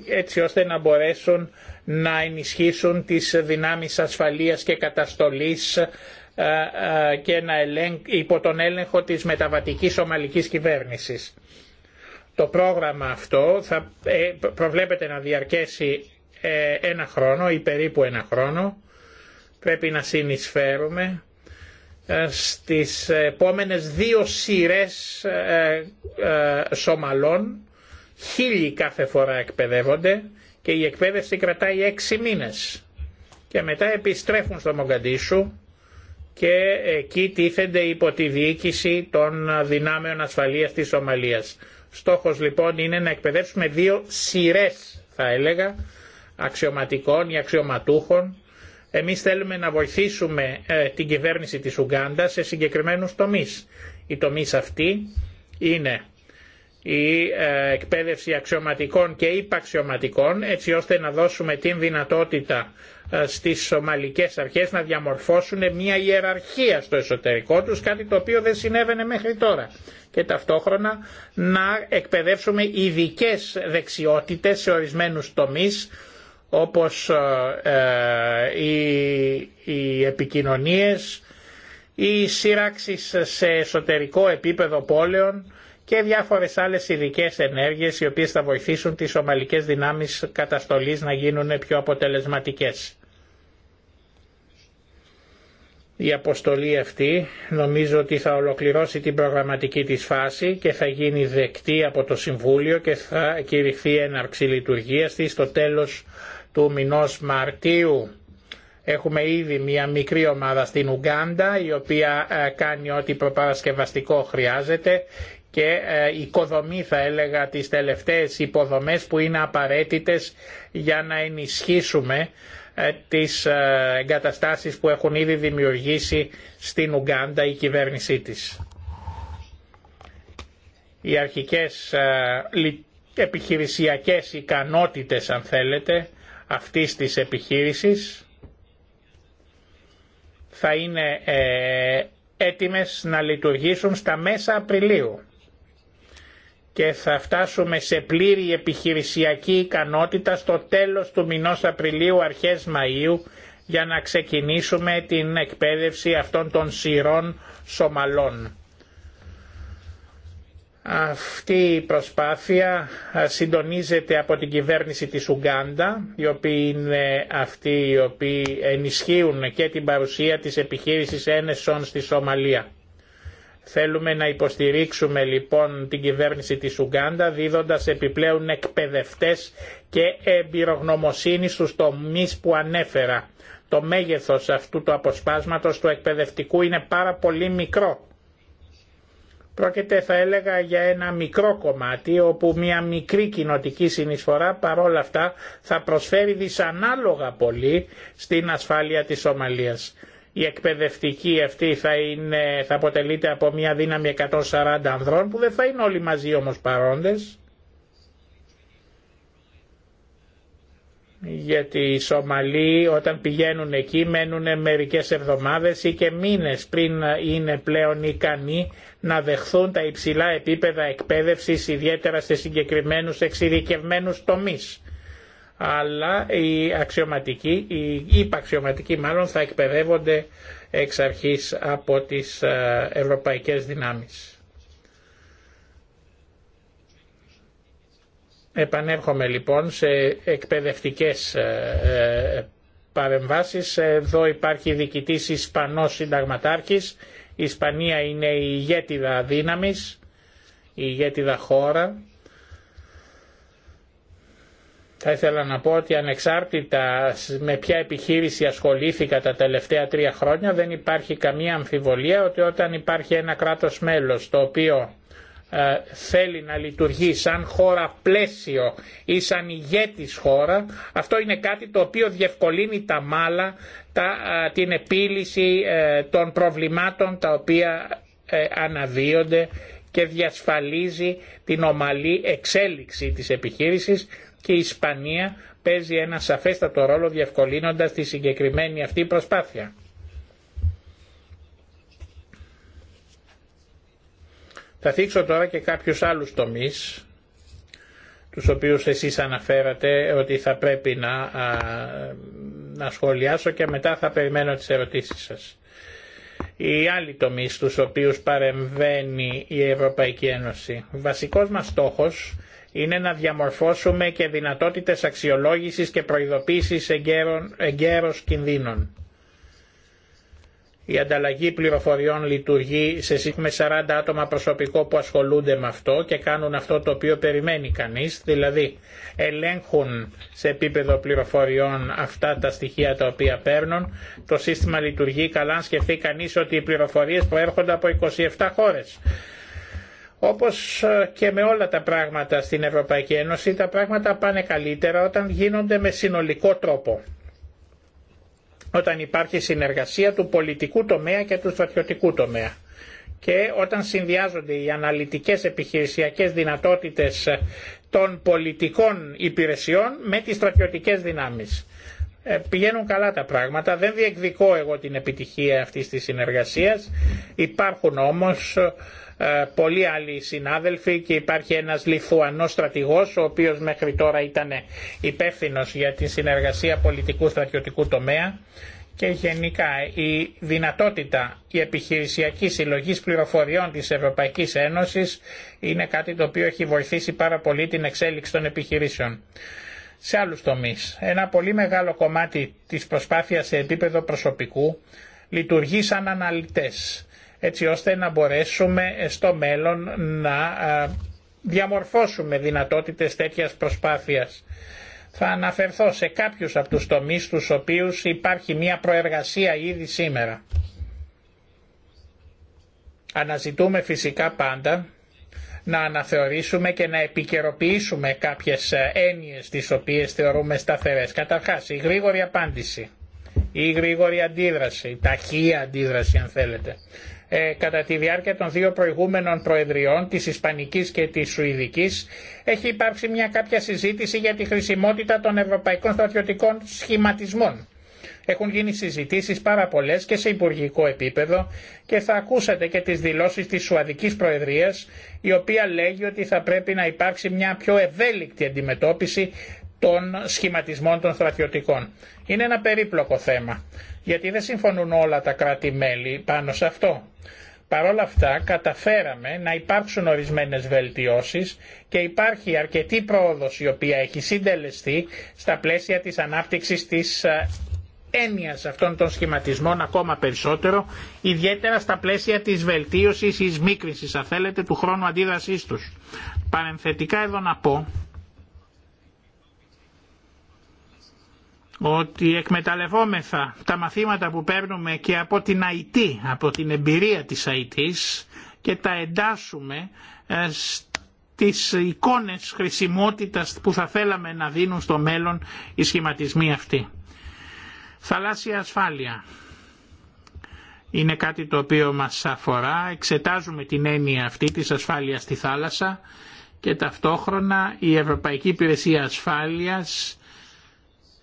Speaker 1: έτσι ώστε να μπορέσουν να ενισχύσουν τις δυνάμεις ασφαλείας και καταστολής ε, ε, και να υπό τον έλεγχο της μεταβατικής ομαλικής κυβέρνησης. Το πρόγραμμα αυτό θα ε, προβλέπεται να διαρκέσει ένα χρόνο ή περίπου ένα χρόνο. Πρέπει να συνεισφέρουμε στις επόμενες δύο σειρές Σομαλών χίλιοι κάθε φορά εκπαιδεύονται και η εκπαίδευση κρατάει έξι μήνες. Και μετά επιστρέφουν στο Μογκαντήσου και εκεί τίθενται υπό τη διοίκηση των δυνάμεων ασφαλείας της Σομαλίας. Στόχος λοιπόν είναι να εκπαιδεύσουμε δύο σειρέ, θα έλεγα αξιωματικών ή αξιωματούχων. Εμείς θέλουμε να βοηθήσουμε ε, την κυβέρνηση της Ουγγάντα σε συγκεκριμένους τομείς. Οι τομείς αυτοί είναι η ε, εκπαίδευση αξιωματικών και υπαξιωματικών έτσι ώστε να δώσουμε την δυνατότητα ε, στις σομαλικές αρχές να διαμορφώσουν μια ιεραρχία στο εσωτερικό τους, κάτι το οποίο δεν συνέβαινε μέχρι τώρα. Και ταυτόχρονα να εκπαιδεύσουμε ειδικέ δεξιότητες σε ορισμένους τομείς, όπως ε, οι επικοινωνίες, ή σύραξη σε εσωτερικό επίπεδο πόλεων, και διάφορε άλλε ειδικέ ενέργειε οι οποίε θα βοηθήσουν τι ομαλικέ δυνάμει καταστολής να γίνουν πιο αποτελεσματικέ. Η αποστολή αυτή νομίζω ότι θα ολοκληρώσει την προγραμματική της φάση και θα γίνει δεκτή από το Συμβούλιο και θα κηρυχθεί έναρξη λειτουργία της στο τέλος του μηνός Μαρτίου. Έχουμε ήδη μια μικρή ομάδα στην Ουγκάντα η οποία ε, κάνει ό,τι προπαρασκευαστικό χρειάζεται και ε, οικοδομή θα έλεγα τις τελευταίες υποδομές που είναι απαραίτητες για να ενισχύσουμε ε, τις ε, εγκαταστάσεις που έχουν ήδη δημιουργήσει στην Ουγκάντα η κυβέρνησή της. Οι αρχικές επιχειρησιακές ικανότητες αν θέλετε αυτής της επιχείρησης θα είναι έτοιμες να λειτουργήσουν στα μέσα Απριλίου και θα φτάσουμε σε πλήρη επιχειρησιακή ικανότητα στο τέλος του μηνός Απριλίου αρχές Μαΐου για να ξεκινήσουμε την εκπαίδευση αυτών των σειρών Σομαλών. Αυτή η προσπάθεια συντονίζεται από την κυβέρνηση της Ουγκάντα, οι οποίοι είναι αυτοί οι οποίοι ενισχύουν και την παρουσία της επιχείρησης ένεσων στη Σομαλία. Θέλουμε να υποστηρίξουμε λοιπόν την κυβέρνηση της Ουγκάντα δίδοντας επιπλέον εκπαιδευτές και εμπειρογνωμοσύνη στους τομείς που ανέφερα. Το μέγεθος αυτού του αποσπάσματος του εκπαιδευτικού είναι πάρα πολύ μικρό. Πρόκειται θα έλεγα για ένα μικρό κομμάτι όπου μια μικρή κοινοτική συνεισφορά παρόλα αυτά θα προσφέρει δυσανάλογα πολύ στην ασφάλεια της Σομαλίας η εκπαιδευτική αυτή θα, είναι, θα αποτελείται από μια δύναμη 140 ανδρών που δεν θα είναι όλοι μαζί όμως παρόντες. γιατί οι Σομαλοί όταν πηγαίνουν εκεί μένουν μερικές εβδομάδες ή και μήνες πριν είναι πλέον ικανοί να δεχθούν τα υψηλά επίπεδα εκπαίδευσης ιδιαίτερα σε συγκεκριμένους εξειδικευμένους τομείς αλλά οι αξιωματικοί, οι υπαξιωματικοί μάλλον θα εκπαιδεύονται εξ αρχής από τις ε, ευρωπαϊκές δυνάμεις. Επανέρχομαι λοιπόν σε εκπαιδευτικές ε, ε, παρεμβάσεις. Εδώ υπάρχει διοικητής Ισπανός συνταγματάρχης. Η Ισπανία είναι η ηγέτιδα δύναμης, η ηγέτιδα χώρα θα ήθελα να πω ότι ανεξάρτητα με ποια επιχείρηση ασχολήθηκα τα τελευταία τρία χρόνια δεν υπάρχει καμία αμφιβολία ότι όταν υπάρχει ένα κράτος μέλος το οποίο ε, θέλει να λειτουργεί σαν χώρα πλαίσιο ή σαν ηγέτης χώρα, αυτό είναι κάτι το οποίο διευκολύνει τα μάλα τα, ε, την επίλυση ε, των προβλημάτων τα οποία αναδύονται και διασφαλίζει την ομαλή εξέλιξη της επιχείρησης και η Ισπανία παίζει ένα σαφέστατο ρόλο διευκολύνοντας τη συγκεκριμένη αυτή προσπάθεια. Θα θίξω τώρα και κάποιους άλλους τομείς, τους οποίους εσείς αναφέρατε ότι θα πρέπει να, σχολιάσω και μετά θα περιμένω τις ερωτήσεις σας. Οι άλλοι τομείς στους οποίους παρεμβαίνει η Ευρωπαϊκή Ένωση. Βασικός μας στόχος είναι να διαμορφώσουμε και δυνατότητες αξιολόγησης και προειδοποίησης εγκαίρων, κινδύνων. Η ανταλλαγή πληροφοριών λειτουργεί σε σύγκριση 40 άτομα προσωπικό που ασχολούνται με αυτό και κάνουν αυτό το οποίο περιμένει κανείς, δηλαδή ελέγχουν σε επίπεδο πληροφοριών αυτά τα στοιχεία τα οποία παίρνουν. Το σύστημα λειτουργεί καλά αν σκεφτεί κανείς ότι οι πληροφορίες προέρχονται από 27 χώρες. Όπως ε, και με όλα τα πράγματα στην Ευρωπαϊκή Ένωση, τα πράγματα πάνε καλύτερα όταν γίνονται με συνολικό τρόπο. Όταν υπάρχει συνεργασία του πολιτικού τομέα και του στρατιωτικού τομέα. Και όταν συνδυάζονται οι αναλυτικές επιχειρησιακές δυνατότητες ε, των πολιτικών υπηρεσιών με τις στρατιωτικές δυνάμεις. Ε, πηγαίνουν καλά τα πράγματα. Δεν διεκδικώ εγώ την επιτυχία αυτής της συνεργασίας. Υπάρχουν όμως ε, πολλοί άλλοι συνάδελφοι και υπάρχει ένας λιθούανό στρατηγός ο οποίος μέχρι τώρα ήταν υπεύθυνο για τη συνεργασία πολιτικού στρατιωτικού τομέα και γενικά η δυνατότητα η επιχειρησιακή συλλογής πληροφοριών της Ευρωπαϊκής Ένωσης είναι κάτι το οποίο έχει βοηθήσει πάρα πολύ την εξέλιξη των επιχειρήσεων. Σε άλλους τομείς, ένα πολύ μεγάλο κομμάτι της προσπάθειας σε επίπεδο προσωπικού λειτουργεί σαν αναλυτές έτσι ώστε να μπορέσουμε στο μέλλον να ε, διαμορφώσουμε δυνατότητες τέτοιας προσπάθειας. Θα αναφερθώ σε κάποιους από τους τομείς τους οποίους υπάρχει μια προεργασία ήδη σήμερα. Αναζητούμε φυσικά πάντα να αναθεωρήσουμε και να επικαιροποιήσουμε κάποιες ε, έννοιες τις οποίες θεωρούμε σταθερές. Καταρχάς, η γρήγορη απάντηση, η γρήγορη αντίδραση, η ταχεία αντίδραση αν θέλετε. Ε, κατά τη διάρκεια των δύο προηγούμενων προεδριών, της Ισπανικής και της Σουηδικής, έχει υπάρξει μια κάποια συζήτηση για τη χρησιμότητα των ευρωπαϊκών στρατιωτικών σχηματισμών. Έχουν γίνει συζητήσεις πάρα πολλέ και σε υπουργικό επίπεδο και θα ακούσατε και τις δηλώσεις της Σουαδικής Προεδρίας η οποία λέγει ότι θα πρέπει να υπάρξει μια πιο ευέλικτη αντιμετώπιση των σχηματισμών των στρατιωτικών. Είναι ένα περίπλοκο θέμα, γιατί δεν συμφωνούν όλα τα κράτη-μέλη πάνω σε αυτό. Παρ' όλα αυτά καταφέραμε να υπάρξουν ορισμένες βελτιώσεις και υπάρχει αρκετή πρόοδος η οποία έχει συντελεστεί στα πλαίσια της ανάπτυξης της ε, έννοιας αυτών των σχηματισμών ακόμα περισσότερο, ιδιαίτερα στα πλαίσια της βελτίωσης ή σμίκρησης, αν θέλετε, του χρόνου αντίδρασής τους. Παρενθετικά εδώ να πω ότι εκμεταλλευόμεθα τα μαθήματα που παίρνουμε και από την αιτή, από την εμπειρία της IT και τα εντάσσουμε ε, στις εικόνες χρησιμότητας που θα θέλαμε να δίνουν στο μέλλον οι σχηματισμοί αυτοί. Θαλάσσια ασφάλεια. Είναι κάτι το οποίο μας αφορά. Εξετάζουμε την έννοια αυτή της ασφάλειας στη θάλασσα και ταυτόχρονα η Ευρωπαϊκή Υπηρεσία Ασφάλειας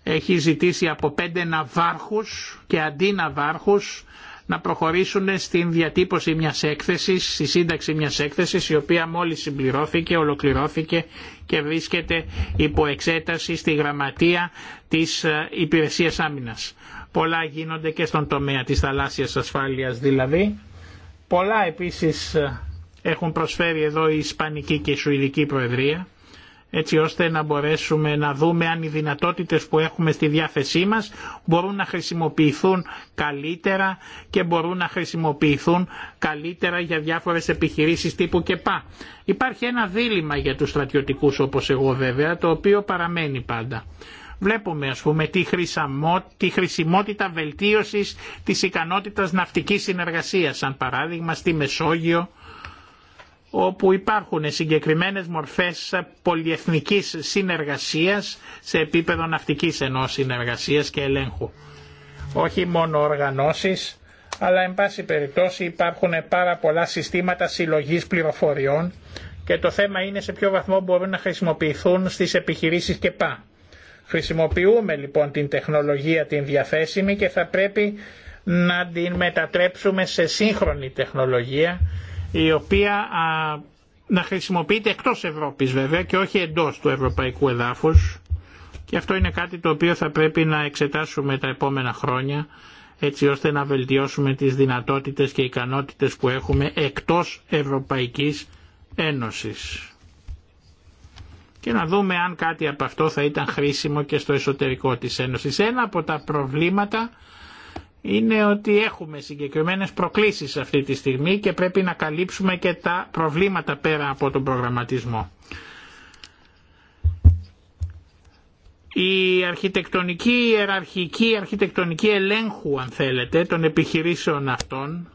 Speaker 1: έχει ζητήσει από πέντε ναυάρχους και αντί ναυάρχους να προχωρήσουν στην διατύπωση μιας έκθεσης, στη σύνταξη μιας έκθεσης η οποία μόλις συμπληρώθηκε, ολοκληρώθηκε και βρίσκεται υπό εξέταση στη γραμματεία της ε, Υπηρεσίας Άμυνας. Πολλά γίνονται και στον τομέα της θαλάσσιας ασφάλειας δηλαδή. Πολλά επίσης ε, έχουν προσφέρει εδώ η Ισπανική και η Σουηδική Προεδρία έτσι ώστε να μπορέσουμε να δούμε αν οι δυνατότητες που έχουμε στη διάθεσή μας μπορούν να χρησιμοποιηθούν καλύτερα και μπορούν να χρησιμοποιηθούν καλύτερα για διάφορες επιχειρήσεις τύπου και πά. Υπάρχει ένα δίλημα για τους στρατιωτικούς όπως εγώ βέβαια, το οποίο παραμένει πάντα. Βλέπουμε ας πούμε τη, τη χρησιμότητα βελτίωσης της ικανότητας ναυτικής συνεργασίας, σαν παράδειγμα στη Μεσόγειο, όπου υπάρχουν συγκεκριμένες μορφές πολυεθνικής συνεργασίας σε επίπεδο ναυτικής ενός συνεργασίας και ελέγχου. Όχι μόνο οργανώσεις, αλλά εν πάση περιπτώσει υπάρχουν πάρα πολλά συστήματα συλλογής πληροφοριών και το θέμα είναι σε ποιο βαθμό μπορούν να χρησιμοποιηθούν στις επιχειρήσεις και πά. Χρησιμοποιούμε λοιπόν την τεχνολογία την διαθέσιμη και θα πρέπει να την μετατρέψουμε σε σύγχρονη τεχνολογία η οποία να χρησιμοποιείται εκτός Ευρώπης βέβαια και όχι εντός του ευρωπαϊκού εδάφους και αυτό είναι κάτι το οποίο θα πρέπει να εξετάσουμε τα επόμενα χρόνια έτσι ώστε να βελτιώσουμε τις δυνατότητες και ικανότητες που έχουμε εκτός Ευρωπαϊκής Ένωσης και να δούμε αν κάτι από αυτό θα ήταν χρήσιμο και στο εσωτερικό της Ένωσης. Ένα από τα προβλήματα είναι ότι έχουμε συγκεκριμένες προκλήσεις αυτή τη στιγμή και πρέπει να καλύψουμε και τα προβλήματα πέρα από τον προγραμματισμό. η αρχιτεκτονική η ιεραρχική η αρχιτεκτονική ελέγχου αν θέλετε των επιχειρήσεων αυτών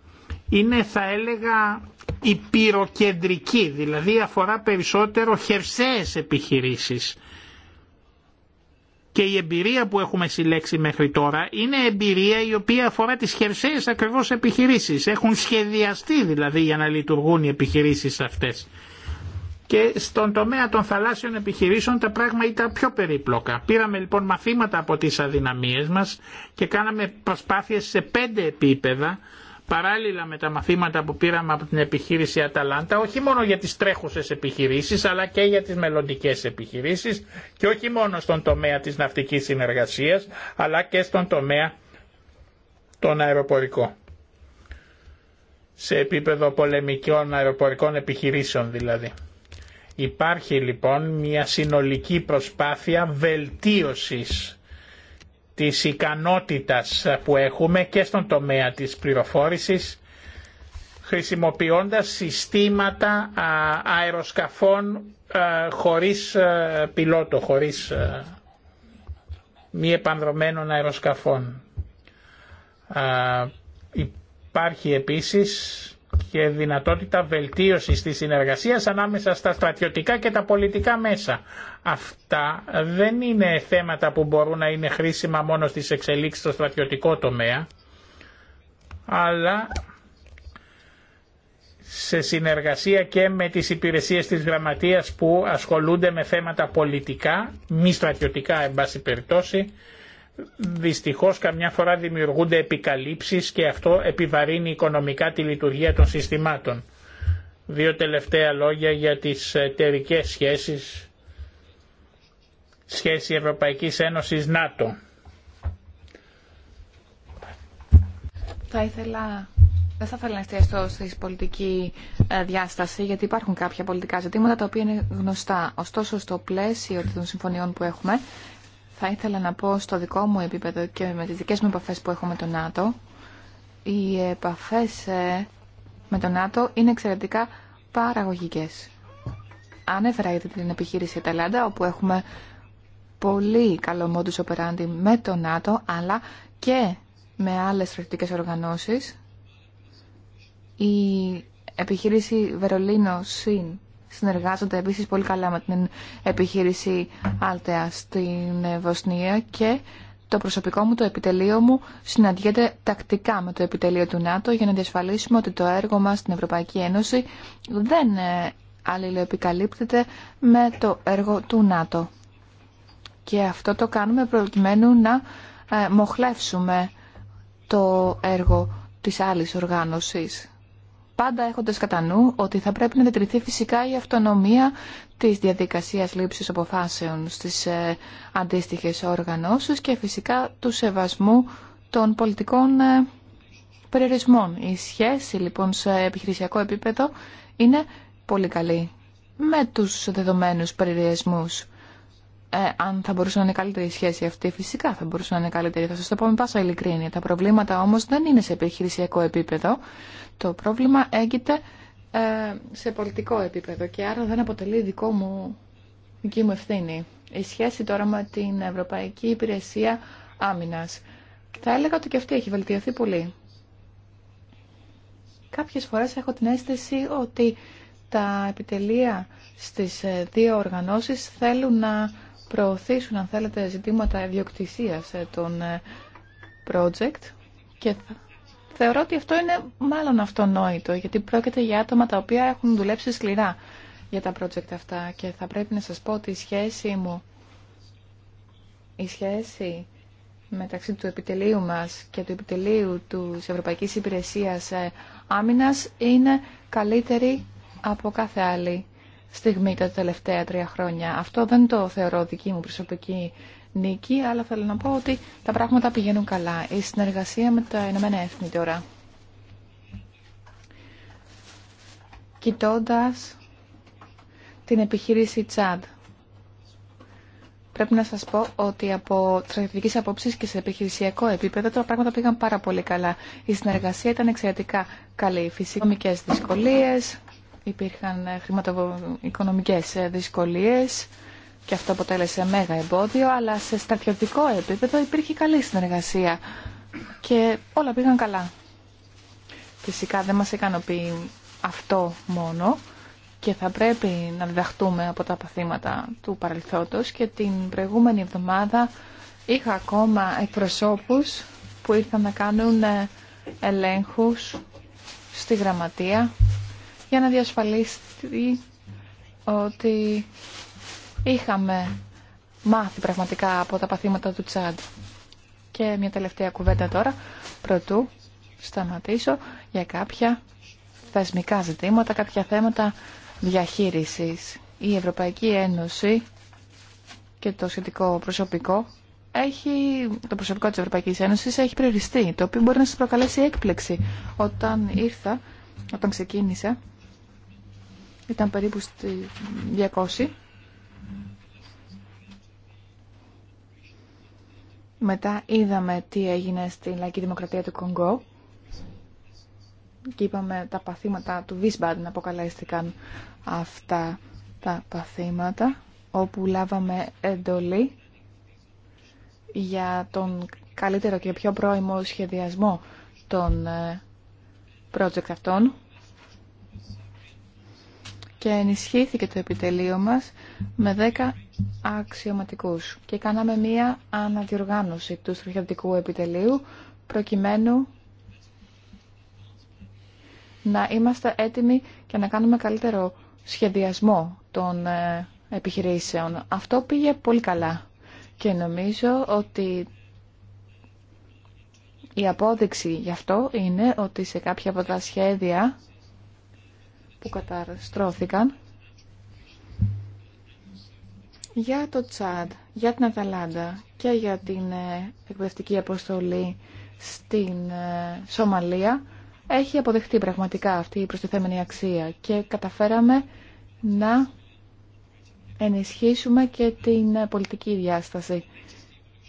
Speaker 1: είναι θα έλεγα υπηροκεντρική δηλαδή αφορά περισσότερο χερσαίες επιχειρήσεις και η εμπειρία που έχουμε συλλέξει μέχρι τώρα είναι εμπειρία η οποία αφορά τις χερσαίες ακριβώς επιχειρήσεις. Έχουν σχεδιαστεί δηλαδή για να λειτουργούν οι επιχειρήσεις αυτές. Και στον τομέα των θαλάσσιων επιχειρήσεων τα πράγματα ήταν πιο περίπλοκα. Πήραμε λοιπόν μαθήματα από τις αδυναμίες μας και κάναμε προσπάθειες σε πέντε επίπεδα παράλληλα με τα μαθήματα που πήραμε από την επιχείρηση Αταλάντα, όχι μόνο για τις τρέχουσες επιχειρήσεις, αλλά και για τις μελλοντικές επιχειρήσεις και όχι μόνο στον τομέα της ναυτικής συνεργασίας, αλλά και στον τομέα των αεροπορικών. Σε επίπεδο πολεμικών αεροπορικών επιχειρήσεων δηλαδή. Υπάρχει λοιπόν μια συνολική προσπάθεια βελτίωσης της ικανότητας που έχουμε και στον τομέα της πληροφόρησης χρησιμοποιώντας συστήματα αεροσκαφών χωρίς πιλότο, χωρίς μη επανδρομένων αεροσκαφών. Υπάρχει επίσης και δυνατότητα βελτίωσης της συνεργασίας ανάμεσα στα στρατιωτικά και τα πολιτικά μέσα. Αυτά δεν είναι θέματα που μπορούν να είναι χρήσιμα μόνο στις εξελίξεις στο στρατιωτικό τομέα, αλλά σε συνεργασία και με τις υπηρεσίες της γραμματείας που ασχολούνται με θέματα πολιτικά, μη στρατιωτικά εν πάση περιπτώσει, δυστυχώς καμιά φορά δημιουργούνται επικαλύψεις και αυτό επιβαρύνει οικονομικά τη λειτουργία των συστημάτων. Δύο τελευταία λόγια για τις εταιρικέ σχέσεις, σχέση Ευρωπαϊκής Ένωσης ΝΑΤΟ.
Speaker 2: Θα ήθελα, δεν θα ήθελα να εστιαστώ στη πολιτική ε, διάσταση, γιατί υπάρχουν κάποια πολιτικά ζητήματα τα οποία είναι γνωστά. Ωστόσο, στο πλαίσιο των συμφωνιών που έχουμε, θα ήθελα να πω στο δικό μου επίπεδο και με τις δικές μου επαφές που έχω με τον ΝΑΤΟ, οι επαφές ε, με τον ΝΑΤΟ είναι εξαιρετικά παραγωγικές. Ανέφερα για την επιχείρηση Ταλάντα, όπου έχουμε πολύ καλό μόντους operandi με τον ΝΑΤΟ, αλλά και με άλλες στρατιωτικές οργανώσεις. Η επιχείρηση Βερολίνο ΣΥΝ συνεργάζονται επίσης πολύ καλά με την επιχείρηση Άλτεα στην Βοσνία και το προσωπικό μου, το επιτελείο μου συναντιέται τακτικά με το επιτελείο του ΝΑΤΟ για να διασφαλίσουμε ότι το έργο μας στην Ευρωπαϊκή Ένωση δεν ε, αλληλοεπικαλύπτεται με το έργο του ΝΑΤΟ. Και αυτό το κάνουμε προκειμένου να ε, μοχλεύσουμε το έργο της άλλης οργάνωσης πάντα έχοντα κατά νου ότι θα πρέπει να διατηρηθεί φυσικά η αυτονομία της διαδικασίας λήψης αποφάσεων στις ε, αντίστοιχε όργανώσει και φυσικά του σεβασμού των πολιτικών ε, περιορισμών. Η σχέση λοιπόν σε επιχειρησιακό επίπεδο είναι πολύ καλή με τους δεδομένους περιορισμούς. Ε, αν θα μπορούσε να είναι καλύτερη η σχέση αυτή, φυσικά θα μπορούσε να είναι καλύτερη. Θα σα το πω με πάσα ειλικρίνεια. Τα προβλήματα όμω δεν είναι σε επιχειρησιακό επίπεδο. Το πρόβλημα έγκυται ε, σε πολιτικό επίπεδο και άρα δεν αποτελεί δικό μου, δική μου ευθύνη. Η σχέση τώρα με την Ευρωπαϊκή Υπηρεσία Άμυνα. Θα έλεγα ότι και αυτή έχει βελτιωθεί πολύ. Κάποιες φορές έχω την αίσθηση ότι τα επιτελεία στις ε, δύο οργανώσεις θέλουν να προωθήσουν, αν θέλετε, ζητήματα ιδιοκτησίας ε, των ε, project και θεωρώ ότι αυτό είναι μάλλον αυτονόητο, γιατί πρόκειται για άτομα τα οποία έχουν δουλέψει σκληρά για τα project αυτά και θα πρέπει να σας πω ότι η σχέση μου, η σχέση μεταξύ του επιτελείου μας και του επιτελείου του Ευρωπαϊκής Υπηρεσίας ε, Άμυνας είναι καλύτερη από κάθε άλλη στιγμή τα τελευταία τρία χρόνια. Αυτό δεν το θεωρώ δική μου προσωπική νίκη, αλλά θέλω να πω ότι τα πράγματα πηγαίνουν καλά. Η συνεργασία με τα Ηνωμένα Έθνη τώρα. Κοιτώντας την επιχείρηση Τσάντ. Πρέπει να σας πω ότι από στρατιωτικής απόψης και σε επιχειρησιακό επίπεδο τα πράγματα πήγαν πάρα πολύ καλά. Η συνεργασία ήταν εξαιρετικά καλή. Φυσικομικές δυσκολίες, υπήρχαν ε, χρηματοοικονομικές ε, δυσκολίες και αυτό αποτέλεσε μέγα εμπόδιο, αλλά σε στρατιωτικό επίπεδο υπήρχε καλή συνεργασία και όλα πήγαν καλά. Φυσικά δεν μας ικανοποιεί αυτό μόνο και θα πρέπει να διδαχτούμε από τα παθήματα του παρελθόντος και την προηγούμενη εβδομάδα είχα ακόμα εκπροσώπους που ήρθαν να κάνουν ε, ελέγχους στη γραμματεία για να διασφαλίσει ότι είχαμε μάθει πραγματικά από τα παθήματα του Τσάντ. Και μια τελευταία κουβέντα τώρα, πρωτού σταματήσω για κάποια θεσμικά ζητήματα, κάποια θέματα διαχείρισης. Η Ευρωπαϊκή Ένωση και το σχετικό προσωπικό έχει, το προσωπικό της Ευρωπαϊκής Ένωσης έχει περιοριστεί, το οποίο μπορεί να σας προκαλέσει έκπληξη. Όταν ήρθα, όταν ξεκίνησα, ήταν περίπου στη 200. Μετά είδαμε τι έγινε στη Λαϊκή Δημοκρατία του Κονγκό και είπαμε τα παθήματα του Βίσμπαντ αποκαλέστηκαν αυτά τα παθήματα όπου λάβαμε εντολή για τον καλύτερο και πιο πρώιμο σχεδιασμό των ε, project αυτών και ενισχύθηκε το επιτελείο μας με 10 αξιωματικούς και κάναμε μία αναδιοργάνωση του στρατιωτικού επιτελείου προκειμένου να είμαστε έτοιμοι και να κάνουμε καλύτερο σχεδιασμό των ε, επιχειρήσεων. Αυτό πήγε πολύ καλά και νομίζω ότι η απόδειξη γι' αυτό είναι ότι σε κάποια από τα σχέδια που καταστρώθηκαν για το Τσάντ, για την Αταλάντα και για την ε, εκπαιδευτική αποστολή στην ε, Σομαλία έχει αποδεχτεί πραγματικά αυτή η προστιθέμενη αξία και καταφέραμε να ενισχύσουμε και την ε, πολιτική διάσταση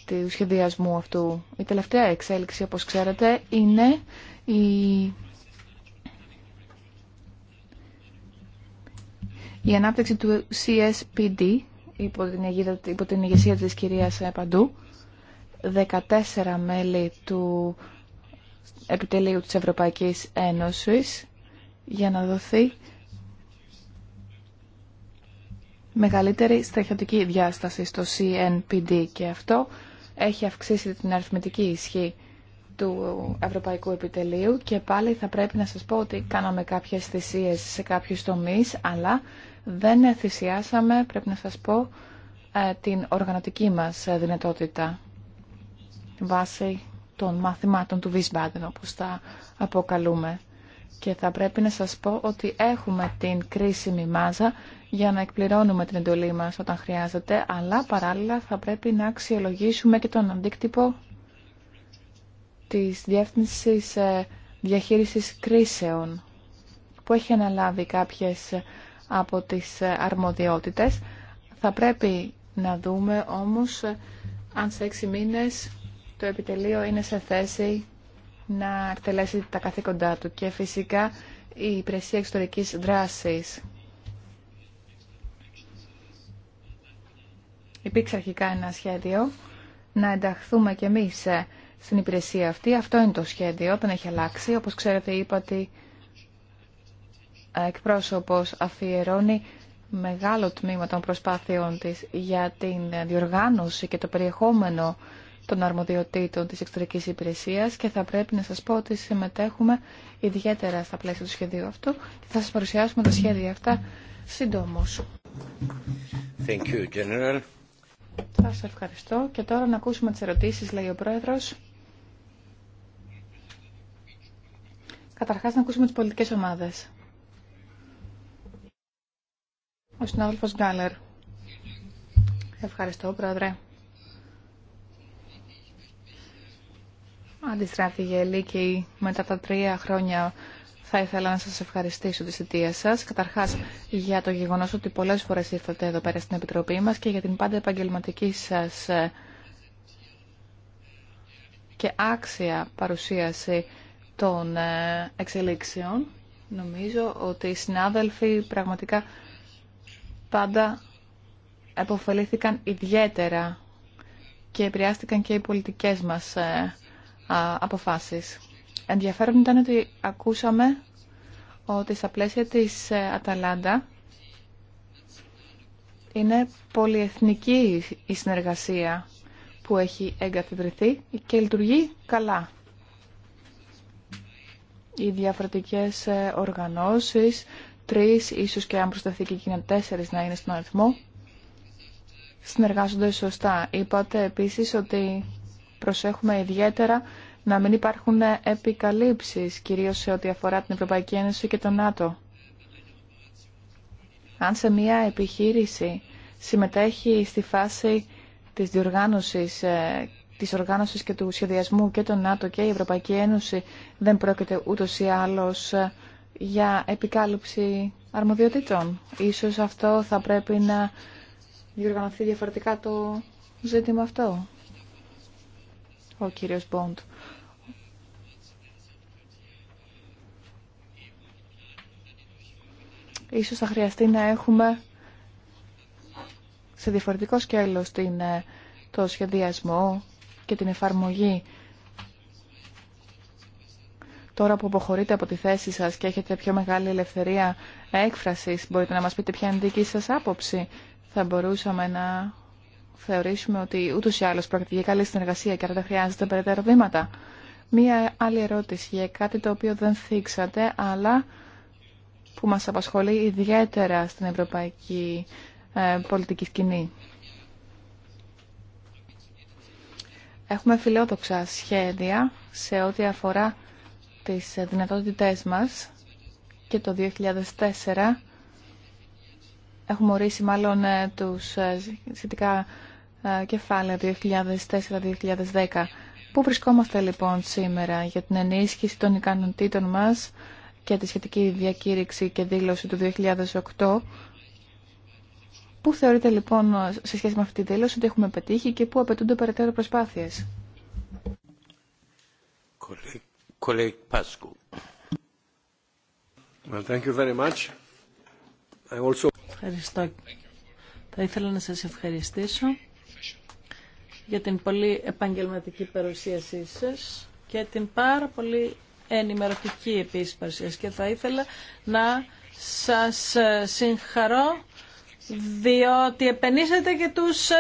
Speaker 2: του σχεδιασμού αυτού. Η τελευταία εξέλιξη, όπως ξέρετε, είναι η Η ανάπτυξη του CSPD υπό την, την ηγεσία της κυρίας Παντού, 14 μέλη του Επιτελείου της Ευρωπαϊκής Ένωσης για να δοθεί μεγαλύτερη στρατιωτική διάσταση στο CNPD και αυτό έχει αυξήσει την αριθμητική ισχύ του Ευρωπαϊκού Επιτελείου και πάλι θα πρέπει να σας πω ότι κάναμε κάποιες θυσίες σε κάποιους τομείς, αλλά δεν θυσιάσαμε, πρέπει να σας πω, ε, την οργανωτική μας δυνατότητα βάσει των μαθημάτων του Βίσμπάντεν, όπως τα αποκαλούμε. Και θα πρέπει να σας πω ότι έχουμε την κρίσιμη μάζα για να εκπληρώνουμε την εντολή μας όταν χρειάζεται, αλλά παράλληλα θα πρέπει να αξιολογήσουμε και τον αντίκτυπο της Διεύθυνσης ε, Διαχείρισης Κρίσεων που έχει αναλάβει κάποιες ε, από τις ε, αρμοδιότητες. Θα πρέπει να δούμε όμως αν σε έξι μήνες το επιτελείο είναι σε θέση να εκτελέσει τα καθήκοντά του και φυσικά η υπηρεσία εξωτερικής δράσης. Υπήρξε αρχικά ένα σχέδιο να ενταχθούμε κι εμείς στην υπηρεσία αυτή. Αυτό είναι το σχέδιο, δεν έχει αλλάξει. Όπως ξέρετε είπα ότι ε, εκπρόσωπος αφιερώνει μεγάλο τμήμα των προσπάθειών της για την διοργάνωση και το περιεχόμενο των αρμοδιοτήτων της εξωτερικής υπηρεσίας και θα πρέπει να σας πω ότι συμμετέχουμε ιδιαίτερα στα πλαίσια του σχεδίου αυτού και θα σας παρουσιάσουμε τα σχέδια αυτά συντόμως.
Speaker 1: Thank you, General.
Speaker 2: Θα σας ευχαριστώ και τώρα να ακούσουμε τις ερωτήσεις, λέει ο Πρόεδρος. Καταρχάς να ακούσουμε τις πολιτικές ομάδες. Ο συνάδελφος Γκάλερ. Ευχαριστώ, Πρόεδρε. Αντιστράφηγε Λίκη μετά τα τρία χρόνια θα ήθελα να σας ευχαριστήσω τη θητεία σας. Καταρχάς για το γεγονός ότι πολλές φορές ήρθατε εδώ πέρα στην Επιτροπή μας και για την πάντα επαγγελματική σας ε, και άξια παρουσίαση των ε, εξελίξεων. Νομίζω ότι οι συνάδελφοι πραγματικά πάντα επωφελήθηκαν ιδιαίτερα και επηρεάστηκαν και οι πολιτικές μας ε, αποφάσεις. Ενδιαφέρον ήταν ότι ακούσαμε ότι στα πλαίσια της ε, Αταλάντα είναι πολυεθνική η συνεργασία που έχει εγκαθιδρυθεί και λειτουργεί καλά οι διαφορετικές ε, οργανώσεις, τρεις, ίσως και αν προσταθεί και εκείνα τέσσερις να είναι στον αριθμό, συνεργάζονται σωστά. Είπατε επίσης ότι προσέχουμε ιδιαίτερα να μην υπάρχουν ε, επικαλύψεις, κυρίως σε ό,τι αφορά την Ευρωπαϊκή Ένωση και τον ΝΑΤΟ. Αν σε μια επιχείρηση συμμετέχει στη φάση της διοργάνωσης ε, Τη οργάνωση και του σχεδιασμού και των ΝΑΤΟ και η Ευρωπαϊκή Ένωση δεν πρόκειται ούτω ή άλλω ε, για επικάλυψη αρμοδιοτήτων. Ίσως αυτό θα πρέπει να διοργανωθεί διαφορετικά το ζήτημα αυτό. Ο κύριος Μπόντ. Ίσως θα χρειαστεί να έχουμε σε διαφορετικό σκέλος την, ε, το σχεδιασμό και την εφαρμογή. Τώρα που αποχωρείτε από τη θέση σας και έχετε πιο μεγάλη ελευθερία έκφρασης, μπορείτε να μας πείτε ποια είναι δική σας άποψη. Θα μπορούσαμε να θεωρήσουμε ότι ούτως ή άλλως πρόκειται για καλή συνεργασία και άρα δεν χρειάζεται περαιτέρω βήματα. Μία άλλη ερώτηση για κάτι το οποίο δεν θίξατε, αλλά που μας απασχολεί ιδιαίτερα στην ευρωπαϊκή ε, πολιτική σκηνή. Έχουμε φιλόδοξα σχέδια σε ό,τι αφορά τις δυνατότητές μας και το 2004 έχουμε ορίσει μάλλον ε, τους ε, σχετικά ε, κεφάλαια 2004-2010. Πού βρισκόμαστε λοιπόν σήμερα για την ενίσχυση των ικανοτήτων μας και τη σχετική διακήρυξη και δήλωση του 2008 Πού θεωρείτε λοιπόν σε σχέση με αυτή τη δήλωση ότι έχουμε πετύχει και πού απαιτούνται περαιτέρω προσπάθειες.
Speaker 3: Ευχαριστώ. Θα ήθελα να σας ευχαριστήσω για την πολύ επαγγελματική παρουσίασή σας και την πάρα πολύ ενημερωτική επίσης παρουσίαση και θα ήθελα να σας συγχαρώ διότι επενήσατε και τους ε,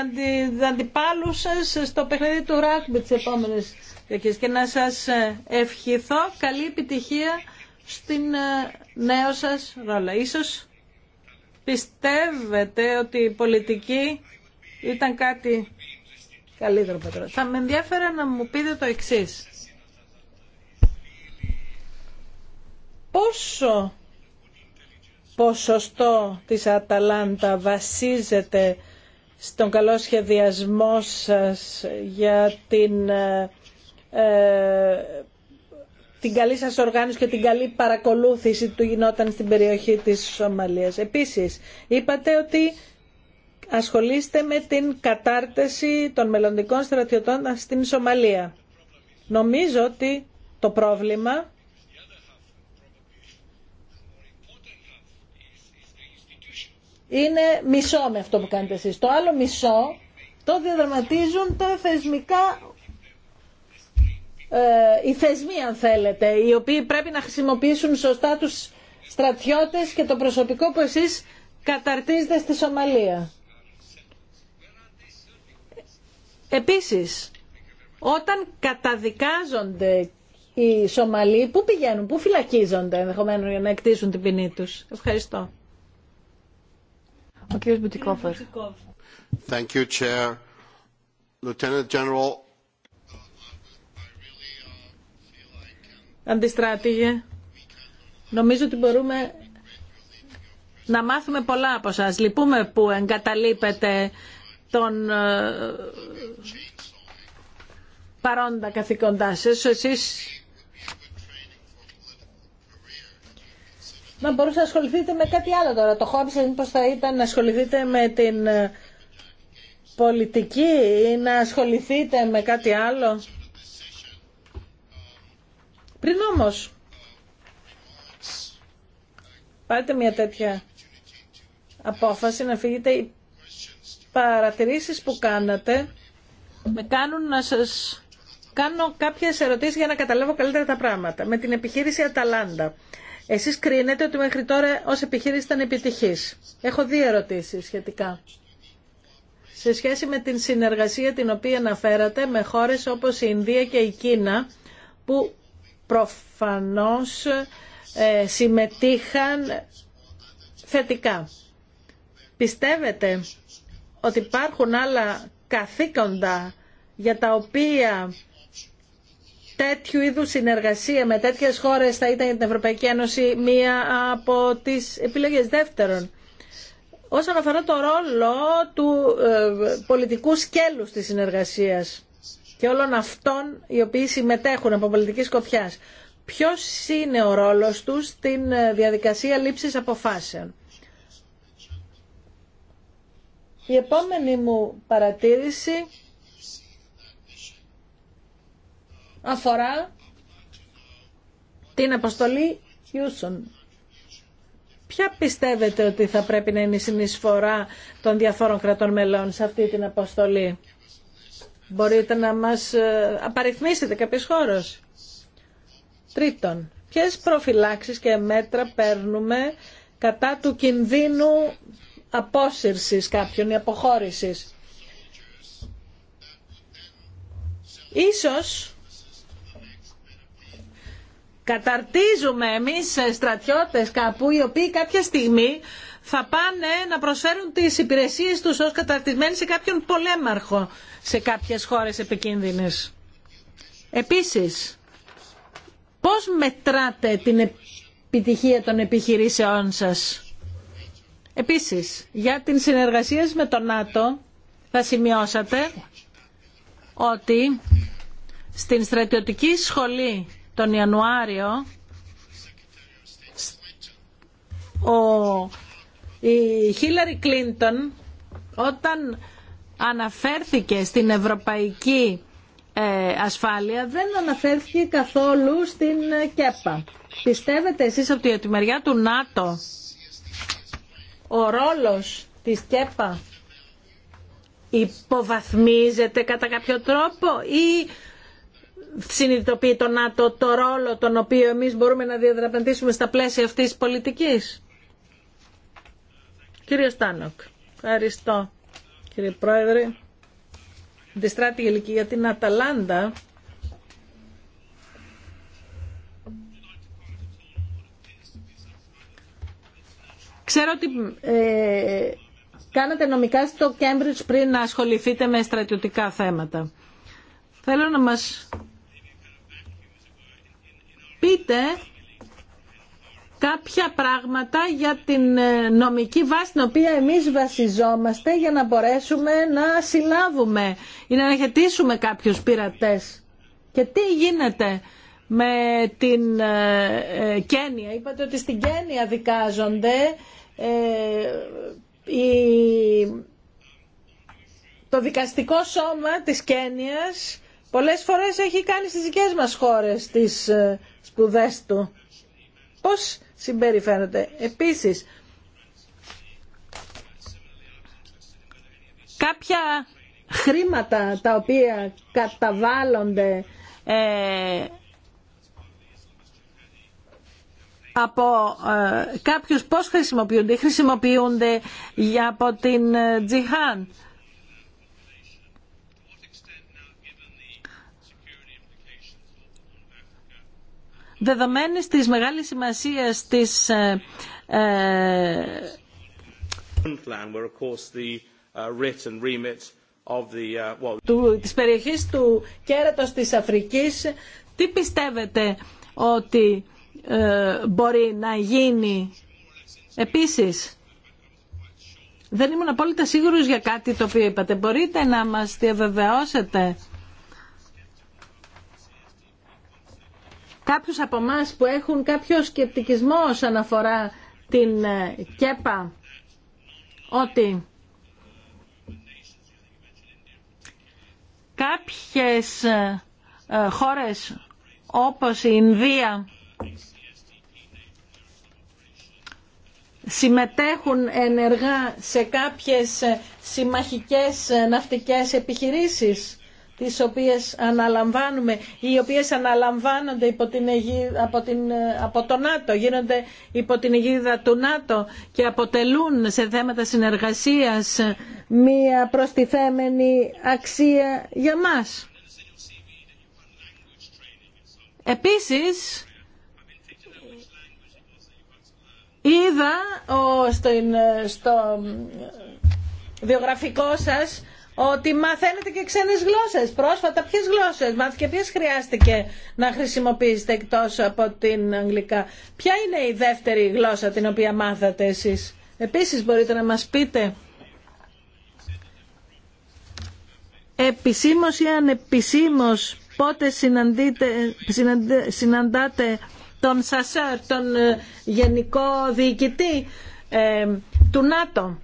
Speaker 3: αντι, αντιπάλους σας στο παιχνίδι του με τις επόμενες δεκές. και να σας ε, ευχηθώ καλή επιτυχία στην ε, νέο σας ρόλα. Ίσως πιστεύετε ότι η πολιτική ήταν κάτι καλύτερο Θα με ενδιαφέρα να μου πείτε το εξής. Πόσο ποσοστό της Αταλάντα βασίζεται στον καλό σχεδιασμό σας για την, ε, ε, την καλή σας οργάνωση και την καλή παρακολούθηση του γινόταν στην περιοχή της Σομαλίας. Επίσης, είπατε ότι ασχολείστε με την κατάρτεση των μελλοντικών στρατιωτών στην Σομαλία. Νομίζω ότι το πρόβλημα είναι μισό με αυτό που κάνετε εσείς. Το άλλο μισό το διαδραματίζουν τα θεσμικά ε, οι θεσμοί αν θέλετε, οι οποίοι πρέπει να χρησιμοποιήσουν σωστά τους στρατιώτες και το προσωπικό που εσείς καταρτίζετε στη Σομαλία. Επίσης, όταν καταδικάζονται οι Σομαλοί, πού πηγαίνουν, πού φυλακίζονται ενδεχομένως για να εκτίσουν την ποινή τους. Ευχαριστώ. Ο κύριος Μπουτικόφερ. Αντιστράτηγε, νομίζω ότι μπορούμε να μάθουμε πολλά από σας. Λυπούμε που εγκαταλείπετε τον ε, παρόντα καθηκοντά σας. Εσείς να μπορούσατε να ασχοληθείτε με κάτι άλλο τώρα. Το χόμπι σας μήπως θα ήταν να ασχοληθείτε με την ε, πολιτική ή να ασχοληθείτε με κάτι άλλο. Πριν όμως πάρετε μια τέτοια απόφαση να φύγετε, οι παρατηρήσεις που κάνατε με κάνουν να σας κάνω κάποιες ερωτήσεις για να καταλάβω καλύτερα τα πράγματα. Με την επιχείρηση Αταλάντα. Εσείς κρίνετε ότι μέχρι τώρα ως επιχείρηση ήταν επιτυχής. Έχω δύο ερωτήσεις σχετικά. Σε σχέση με την συνεργασία την οποία αναφέρατε με χώρες όπως η Ινδία και η Κίνα, που προφανώς ε, συμμετείχαν θετικά. Πιστεύετε ότι υπάρχουν άλλα καθήκοντα για τα οποία τέτοιου είδους συνεργασία με τέτοιες χώρες θα ήταν για την Ευρωπαϊκή Ένωση μία από τις επιλογές δεύτερον. Όσον αφορά το ρόλο του ε, πολιτικού σκέλους της συνεργασίας και όλων αυτών οι οποίοι συμμετέχουν από πολιτική σκοπιά. Ποιος είναι ο ρόλος τους στην ε, διαδικασία λήψης αποφάσεων. Η επόμενη μου παρατήρηση αφορά την αποστολή Ιούσον. Ποια πιστεύετε ότι θα πρέπει να είναι η συνεισφορά των διαφόρων κρατών μελών σε αυτή την αποστολή. Μπορείτε να μας ε, απαριθμίσετε κάποιες χώρες. Τρίτον, ποιες προφυλάξεις και μέτρα παίρνουμε κατά του κινδύνου απόσυρσης κάποιων ή αποχώρησης. Ίσως καταρτίζουμε εμείς ε, στρατιώτες κάπου οι οποίοι κάποια στιγμή θα πάνε να προσφέρουν τις υπηρεσίες τους ως καταρτισμένοι σε κάποιον πολέμαρχο σε κάποιες χώρες επικίνδυνες. Επίσης, πώς μετράτε την επιτυχία των επιχειρήσεών σας. Επίσης, για την συνεργασία με τον ΝΑΤΟ θα σημειώσατε ότι στην στρατιωτική σχολή τον Ιανουάριο ο, η Χίλαρη Κλίντον όταν αναφέρθηκε στην ευρωπαϊκή ε, ασφάλεια δεν αναφέρθηκε καθόλου στην ε, ΚΕΠΑ. Πιστεύετε εσείς από τη μεριά του ΝΑΤΟ ο ρόλος της ΚΕΠΑ υποβαθμίζεται κατά κάποιο τρόπο ή συνειδητοποιεί το ΝΑΤΟ το ρόλο τον οποίο εμείς μπορούμε να διαδραπεντήσουμε στα πλαίσια αυτής της πολιτικής. Κύριε Στάνοκ, ευχαριστώ κύριε Πρόεδρε. Αντιστράτη Γελική για την Αταλάντα. Ξέρω ότι ε, κάνατε νομικά στο Κέμπριτς πριν να ασχοληθείτε με στρατιωτικά θέματα. Θέλω να μας πείτε κάποια πράγματα για την ε, νομική βάση την οποία εμείς βασιζόμαστε για να μπορέσουμε να συλλάβουμε ή να αναχαιτήσουμε κάποιους πειρατές. Και τι γίνεται με την ε, ε, Κένια. Είπατε ότι στην Κένια δικάζονται το δικαστικό σώμα της Κένιας Πολλές φορές έχει κάνει στις δικές μας χώρες τις ε, σπουδές του. Πώς συμπεριφέρονται. Επίσης, κάποια χρήματα τα οποία καταβάλλονται ε, από ε, κάποιους πώς χρησιμοποιούνται. Χρησιμοποιούνται για, από την ε, Τζιχάν. δεδομένης της μεγάλης σημασίας της ε, του, της περιοχής του κέρατος της Αφρικής, τι πιστεύετε ότι ε, μπορεί να γίνει επίσης. Δεν ήμουν απόλυτα σίγουρος για κάτι το οποίο είπατε. Μπορείτε να μας διαβεβαιώσετε κάποιους από εμά που έχουν κάποιο σκεπτικισμό όσον αφορά την ε, ΚΕΠΑ ότι κάποιες ε, ε, χώρες όπως η Ινδία συμμετέχουν ενεργά σε κάποιες συμμαχικές ναυτικές επιχειρήσεις τις οποίες αναλαμβάνουμε ή οι οποίες αναλαμβάνονται υπό την από, την, από το ΝΑΤΟ, γίνονται υπό την αιγίδα του ΝΑΤΟ και αποτελούν σε θέματα συνεργασίας μία προστιθέμενη αξία για μας. Επίσης, είδα ο, στο, στο βιογραφικό σας ότι μαθαίνετε και ξένες γλώσσες. Πρόσφατα ποιες γλώσσες μάθηκε, ποιες χρειάστηκε να χρησιμοποιήσετε εκτός από την αγγλικά. Ποια είναι η δεύτερη γλώσσα την οποία μάθατε εσείς. Επίσης μπορείτε να μας πείτε επισήμως ή ανεπισήμως πότε συναντάτε, συναντάτε τον Σασέρ, τον ε, Γενικό Διοικητή ε, του ΝΑΤΟ.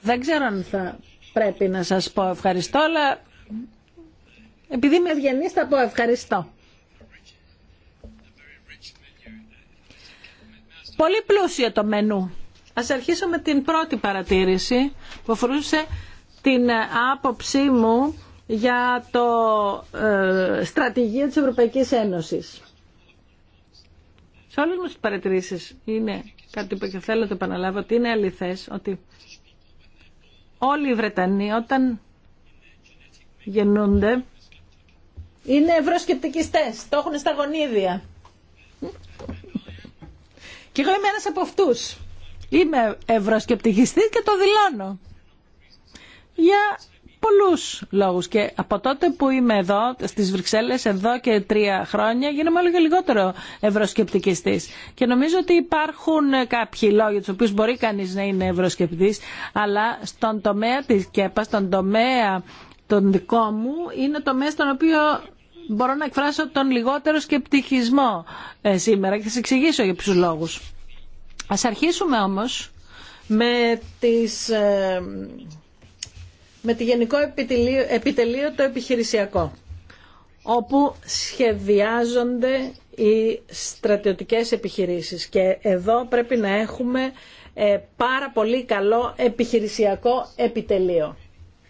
Speaker 4: Δεν ξέρω αν
Speaker 3: θα πρέπει να σας πω ευχαριστώ, αλλά επειδή είμαι ευγενής θα πω ευχαριστώ. Πολύ πλούσιο το μενού. Ας αρχίσω με την πρώτη παρατήρηση που αφορούσε την άποψή μου για το ε, τη της Ευρωπαϊκής Ένωσης σε όλε μου τις παρατηρήσει είναι κάτι που θέλω να το επαναλάβω ότι είναι αληθέ ότι όλοι οι Βρετανοί όταν γεννούνται είναι ευρωσκεπτικιστέ, το έχουν στα γονίδια. Και εγώ είμαι ένας από αυτού. Είμαι ευρωσκεπτικιστή και το δηλώνω. Για πολλούς λόγους και από τότε που είμαι εδώ στις Βρυξέλλες εδώ και τρία χρόνια γίνομαι όλο και λιγότερο ευρωσκεπτικιστής και νομίζω ότι υπάρχουν κάποιοι λόγοι τους οποίους μπορεί κανείς να είναι ευρωσκεπτής αλλά στον τομέα της ΚΕΠΑ, στον τομέα τον δικό μου είναι το στον οποίο μπορώ να εκφράσω τον λιγότερο σκεπτικισμό ε, σήμερα και θα σας εξηγήσω για ποιους λόγους. Ας αρχίσουμε όμως με τις ε, με τη Γενικό Επιτελείο το Επιχειρησιακό, όπου σχεδιάζονται οι στρατιωτικές επιχειρήσεις. Και εδώ πρέπει να έχουμε ε, πάρα πολύ καλό επιχειρησιακό επιτελείο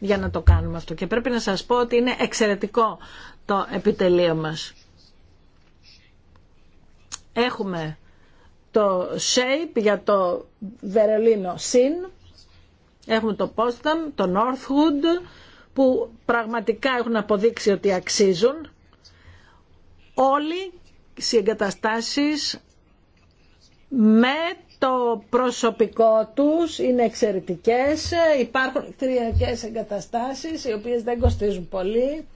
Speaker 3: για να το κάνουμε αυτό. Και πρέπει να σας πω ότι είναι εξαιρετικό το επιτελείο μας. Έχουμε το SHAPE για το Βερολίνο ΣΥΝ, Έχουμε το Πόσταμ, το Northwood που πραγματικά έχουν αποδείξει ότι αξίζουν. Όλοι οι εγκαταστάσεις με το προσωπικό τους είναι εξαιρετικές. Υπάρχουν κτηριακές εγκαταστάσεις οι οποίες δεν κοστίζουν πολύ.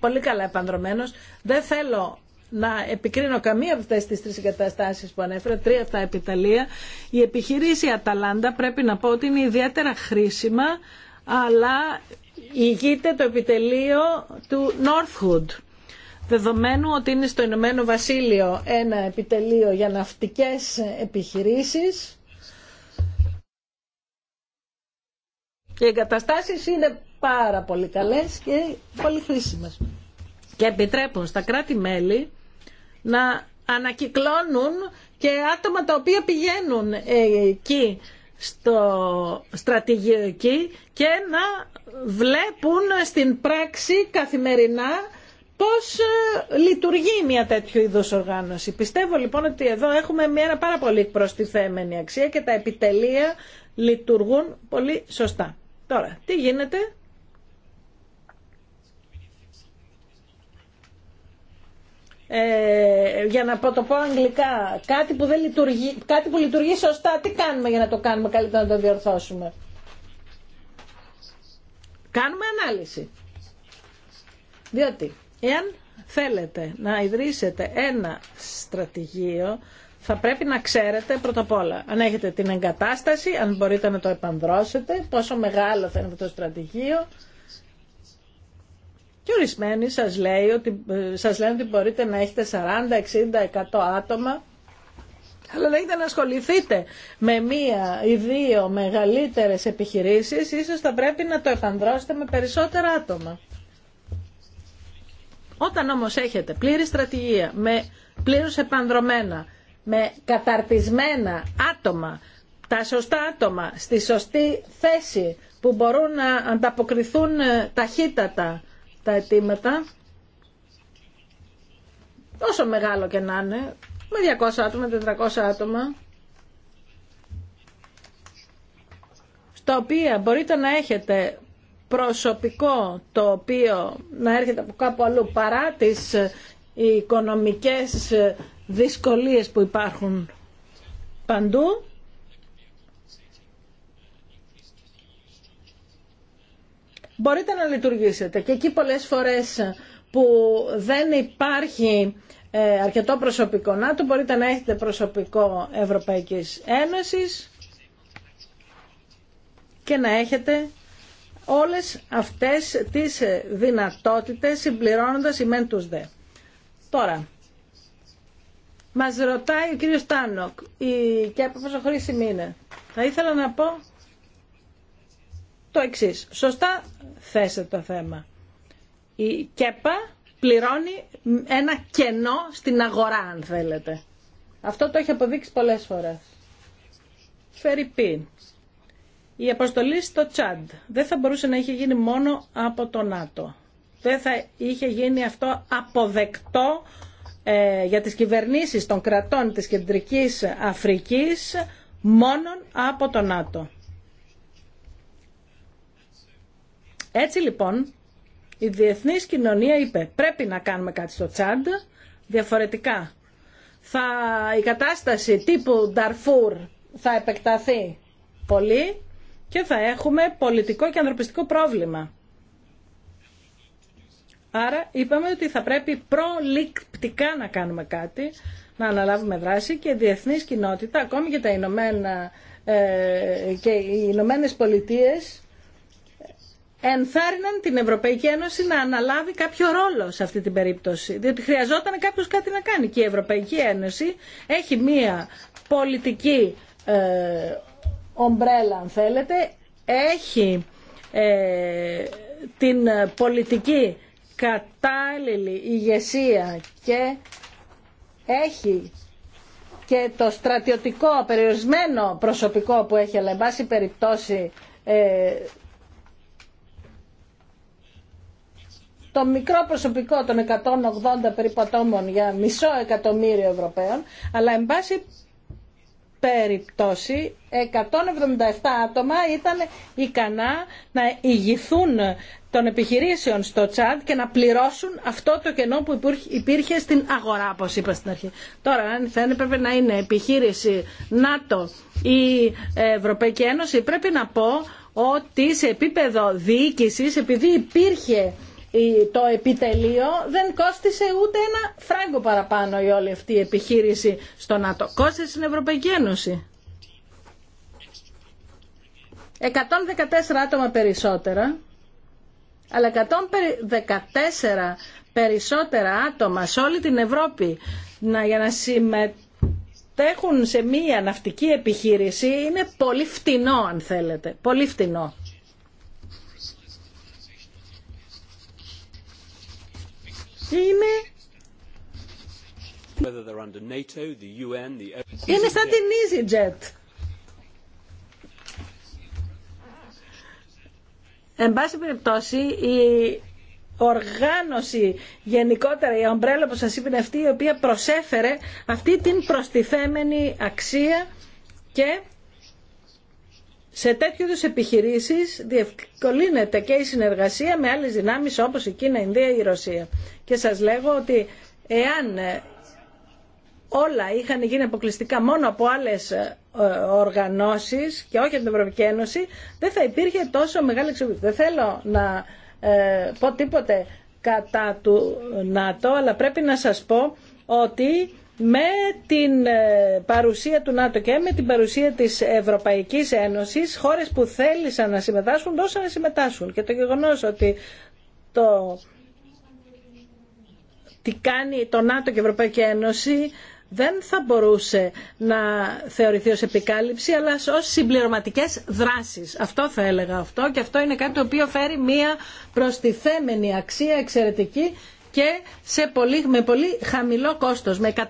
Speaker 3: Πολύ καλά επανδρομένος. Δεν θέλω να επικρίνω καμία από αυτές τις τρεις εγκαταστάσεις που ανέφερα, τρία αυτά επιταλεία. Η επιχειρήση Αταλάντα πρέπει να πω ότι είναι ιδιαίτερα χρήσιμα, αλλά ηγείται το επιτελείο του Northwood. Δεδομένου ότι είναι στο Ηνωμένο Βασίλειο ένα επιτελείο για ναυτικές επιχειρήσεις, οι εγκαταστάσεις είναι πάρα πολύ καλές και πολύ χρήσιμες και επιτρέπουν στα κράτη-μέλη να ανακυκλώνουν και άτομα τα οποία πηγαίνουν εκεί στο στρατηγείο εκεί και να βλέπουν στην πράξη καθημερινά πώς ε, λειτουργεί μια τέτοιου είδους οργάνωση. Πιστεύω λοιπόν ότι εδώ έχουμε μια πάρα πολύ προστιθέμενη αξία και τα επιτελεία λειτουργούν πολύ σωστά. Τώρα, τι γίνεται Ε, για να το πω αγγλικά, κάτι που, δεν λειτουργεί, κάτι που λειτουργεί σωστά, τι κάνουμε για να το κάνουμε καλύτερα να το διορθώσουμε. Κάνουμε ανάλυση. Διότι, εάν θέλετε να ιδρύσετε ένα στρατηγείο, θα πρέπει να ξέρετε πρώτα απ' όλα αν έχετε την εγκατάσταση, αν μπορείτε να το επανδρώσετε, πόσο μεγάλο θα είναι το στρατηγείο, και ορισμένοι σας, λέει ότι, ε, σας λένε ότι μπορείτε να έχετε 40, 60, 100 άτομα αλλά λέγεται να ασχοληθείτε με μία ή δύο μεγαλύτερες επιχειρήσεις, ίσως θα πρέπει να το επανδρώσετε με περισσότερα άτομα. Όταν όμως έχετε πλήρη στρατηγία, με πλήρως επανδρωμένα, με καταρτισμένα άτομα, τα σωστά άτομα στη σωστή θέση που μπορούν να ανταποκριθούν ε, ταχύτατα τα αιτήματα, όσο μεγάλο και να είναι, με 200 άτομα, 400 άτομα, στο οποία μπορείτε να έχετε προσωπικό το οποίο να έρχεται από κάπου αλλού παρά τις ε, οικονομικές ε, δυσκολίες που υπάρχουν παντού μπορείτε να λειτουργήσετε. Και εκεί πολλές φορές που δεν υπάρχει ε, αρκετό προσωπικό ΝΑΤΟ, μπορείτε να έχετε προσωπικό Ευρωπαϊκής Ένωσης και να έχετε όλες αυτές τις δυνατότητες συμπληρώνοντας η μεν δε. Τώρα, μας ρωτάει ο κύριος Τάνοκ, η... και από πόσο χρήσιμη είναι. Θα ήθελα να πω το εξή. Σωστά θέσετε το θέμα. Η ΚΕΠΑ πληρώνει ένα κενό στην αγορά, αν θέλετε. Αυτό το έχει αποδείξει πολλές φορές. Φερρυπίν. Η αποστολή στο Τσάντ δεν θα μπορούσε να είχε γίνει μόνο από το ΝΑΤΟ. Δεν θα είχε γίνει αυτό αποδεκτό ε, για τις κυβερνήσεις των κρατών της Κεντρικής Αφρικής μόνον από το ΝΑΤΟ. Έτσι λοιπόν η διεθνής κοινωνία είπε πρέπει να κάνουμε κάτι στο Τσάντ, διαφορετικά θα, η κατάσταση τύπου Νταρφούρ θα επεκταθεί πολύ και θα έχουμε πολιτικό και ανθρωπιστικό πρόβλημα. Άρα είπαμε ότι θα πρέπει προληπτικά να κάνουμε κάτι, να αναλάβουμε δράση και η διεθνής κοινότητα, ακόμη και τα Ηνωμένα, ε, και οι Ηνωμένε Πολιτείες, ενθάρρυναν την Ευρωπαϊκή Ένωση να αναλάβει κάποιο ρόλο σε αυτή την περίπτωση. Διότι χρειαζόταν κάποιο κάτι να κάνει. Και η Ευρωπαϊκή Ένωση έχει μία πολιτική ε, ομπρέλα, αν θέλετε, έχει ε, την πολιτική κατάλληλη ηγεσία και έχει και το στρατιωτικό περιορισμένο προσωπικό που έχει, αλλά εν πάση περιπτώσει ε, το μικρό προσωπικό των 180 περίπου ατόμων για μισό εκατομμύριο Ευρωπαίων, αλλά εν πάση περιπτώσει 177 άτομα ήταν ικανά να ηγηθούν των επιχειρήσεων στο τσάντ και να πληρώσουν αυτό το κενό που υπήρχε στην αγορά, όπω είπα στην αρχή. Τώρα, αν θα έπρεπε να είναι επιχείρηση ΝΑΤΟ ή Ευρωπαϊκή Ένωση, πρέπει να πω ότι σε επίπεδο διοίκησης, επειδή υπήρχε το επιτελείο δεν κόστησε ούτε ένα φράγκο παραπάνω η όλη αυτή η επιχείρηση στο ΝΑΤΟ. Κόστισε στην Ευρωπαϊκή Ένωση. 114 άτομα περισσότερα, αλλά 114 περισσότερα άτομα σε όλη την Ευρώπη να, για να συμμετέχουν σε μία ναυτική επιχείρηση είναι πολύ φτηνό αν θέλετε. Πολύ φτηνό.
Speaker 4: είναι είναι σαν
Speaker 3: την EasyJet. Εν πάση περιπτώσει, η οργάνωση, γενικότερα η ομπρέλα που σας είπε αυτή, η οποία προσέφερε αυτή την προστιθέμενη αξία και σε τέτοιου είδου επιχειρήσει διευκολύνεται και η συνεργασία με άλλε δυνάμει όπω η Κίνα, η Ινδία, η Ρωσία. Και σα λέγω ότι εάν ε, όλα είχαν γίνει αποκλειστικά μόνο από άλλε οργανώσει και όχι από την Ευρωπαϊκή Ένωση, δεν θα υπήρχε τόσο μεγάλη εξοπλισμό. Δεν θέλω να ε, πω τίποτε κατά του ΝΑΤΟ, αλλά πρέπει να σας πω ότι με την ε, παρουσία του ΝΑΤΟ και με την παρουσία της Ευρωπαϊκής Ένωσης χώρες που θέλησαν να συμμετάσχουν δώσαν να συμμετάσχουν και το γεγονός ότι το τι κάνει το ΝΑΤΟ και η Ευρωπαϊκή Ένωση δεν θα μπορούσε να θεωρηθεί ως επικάλυψη αλλά ως συμπληρωματικές δράσεις. Αυτό θα έλεγα αυτό και αυτό είναι κάτι το οποίο φέρει μία προστιθέμενη αξία εξαιρετική και σε πολύ, με πολύ χαμηλό κόστος, με 114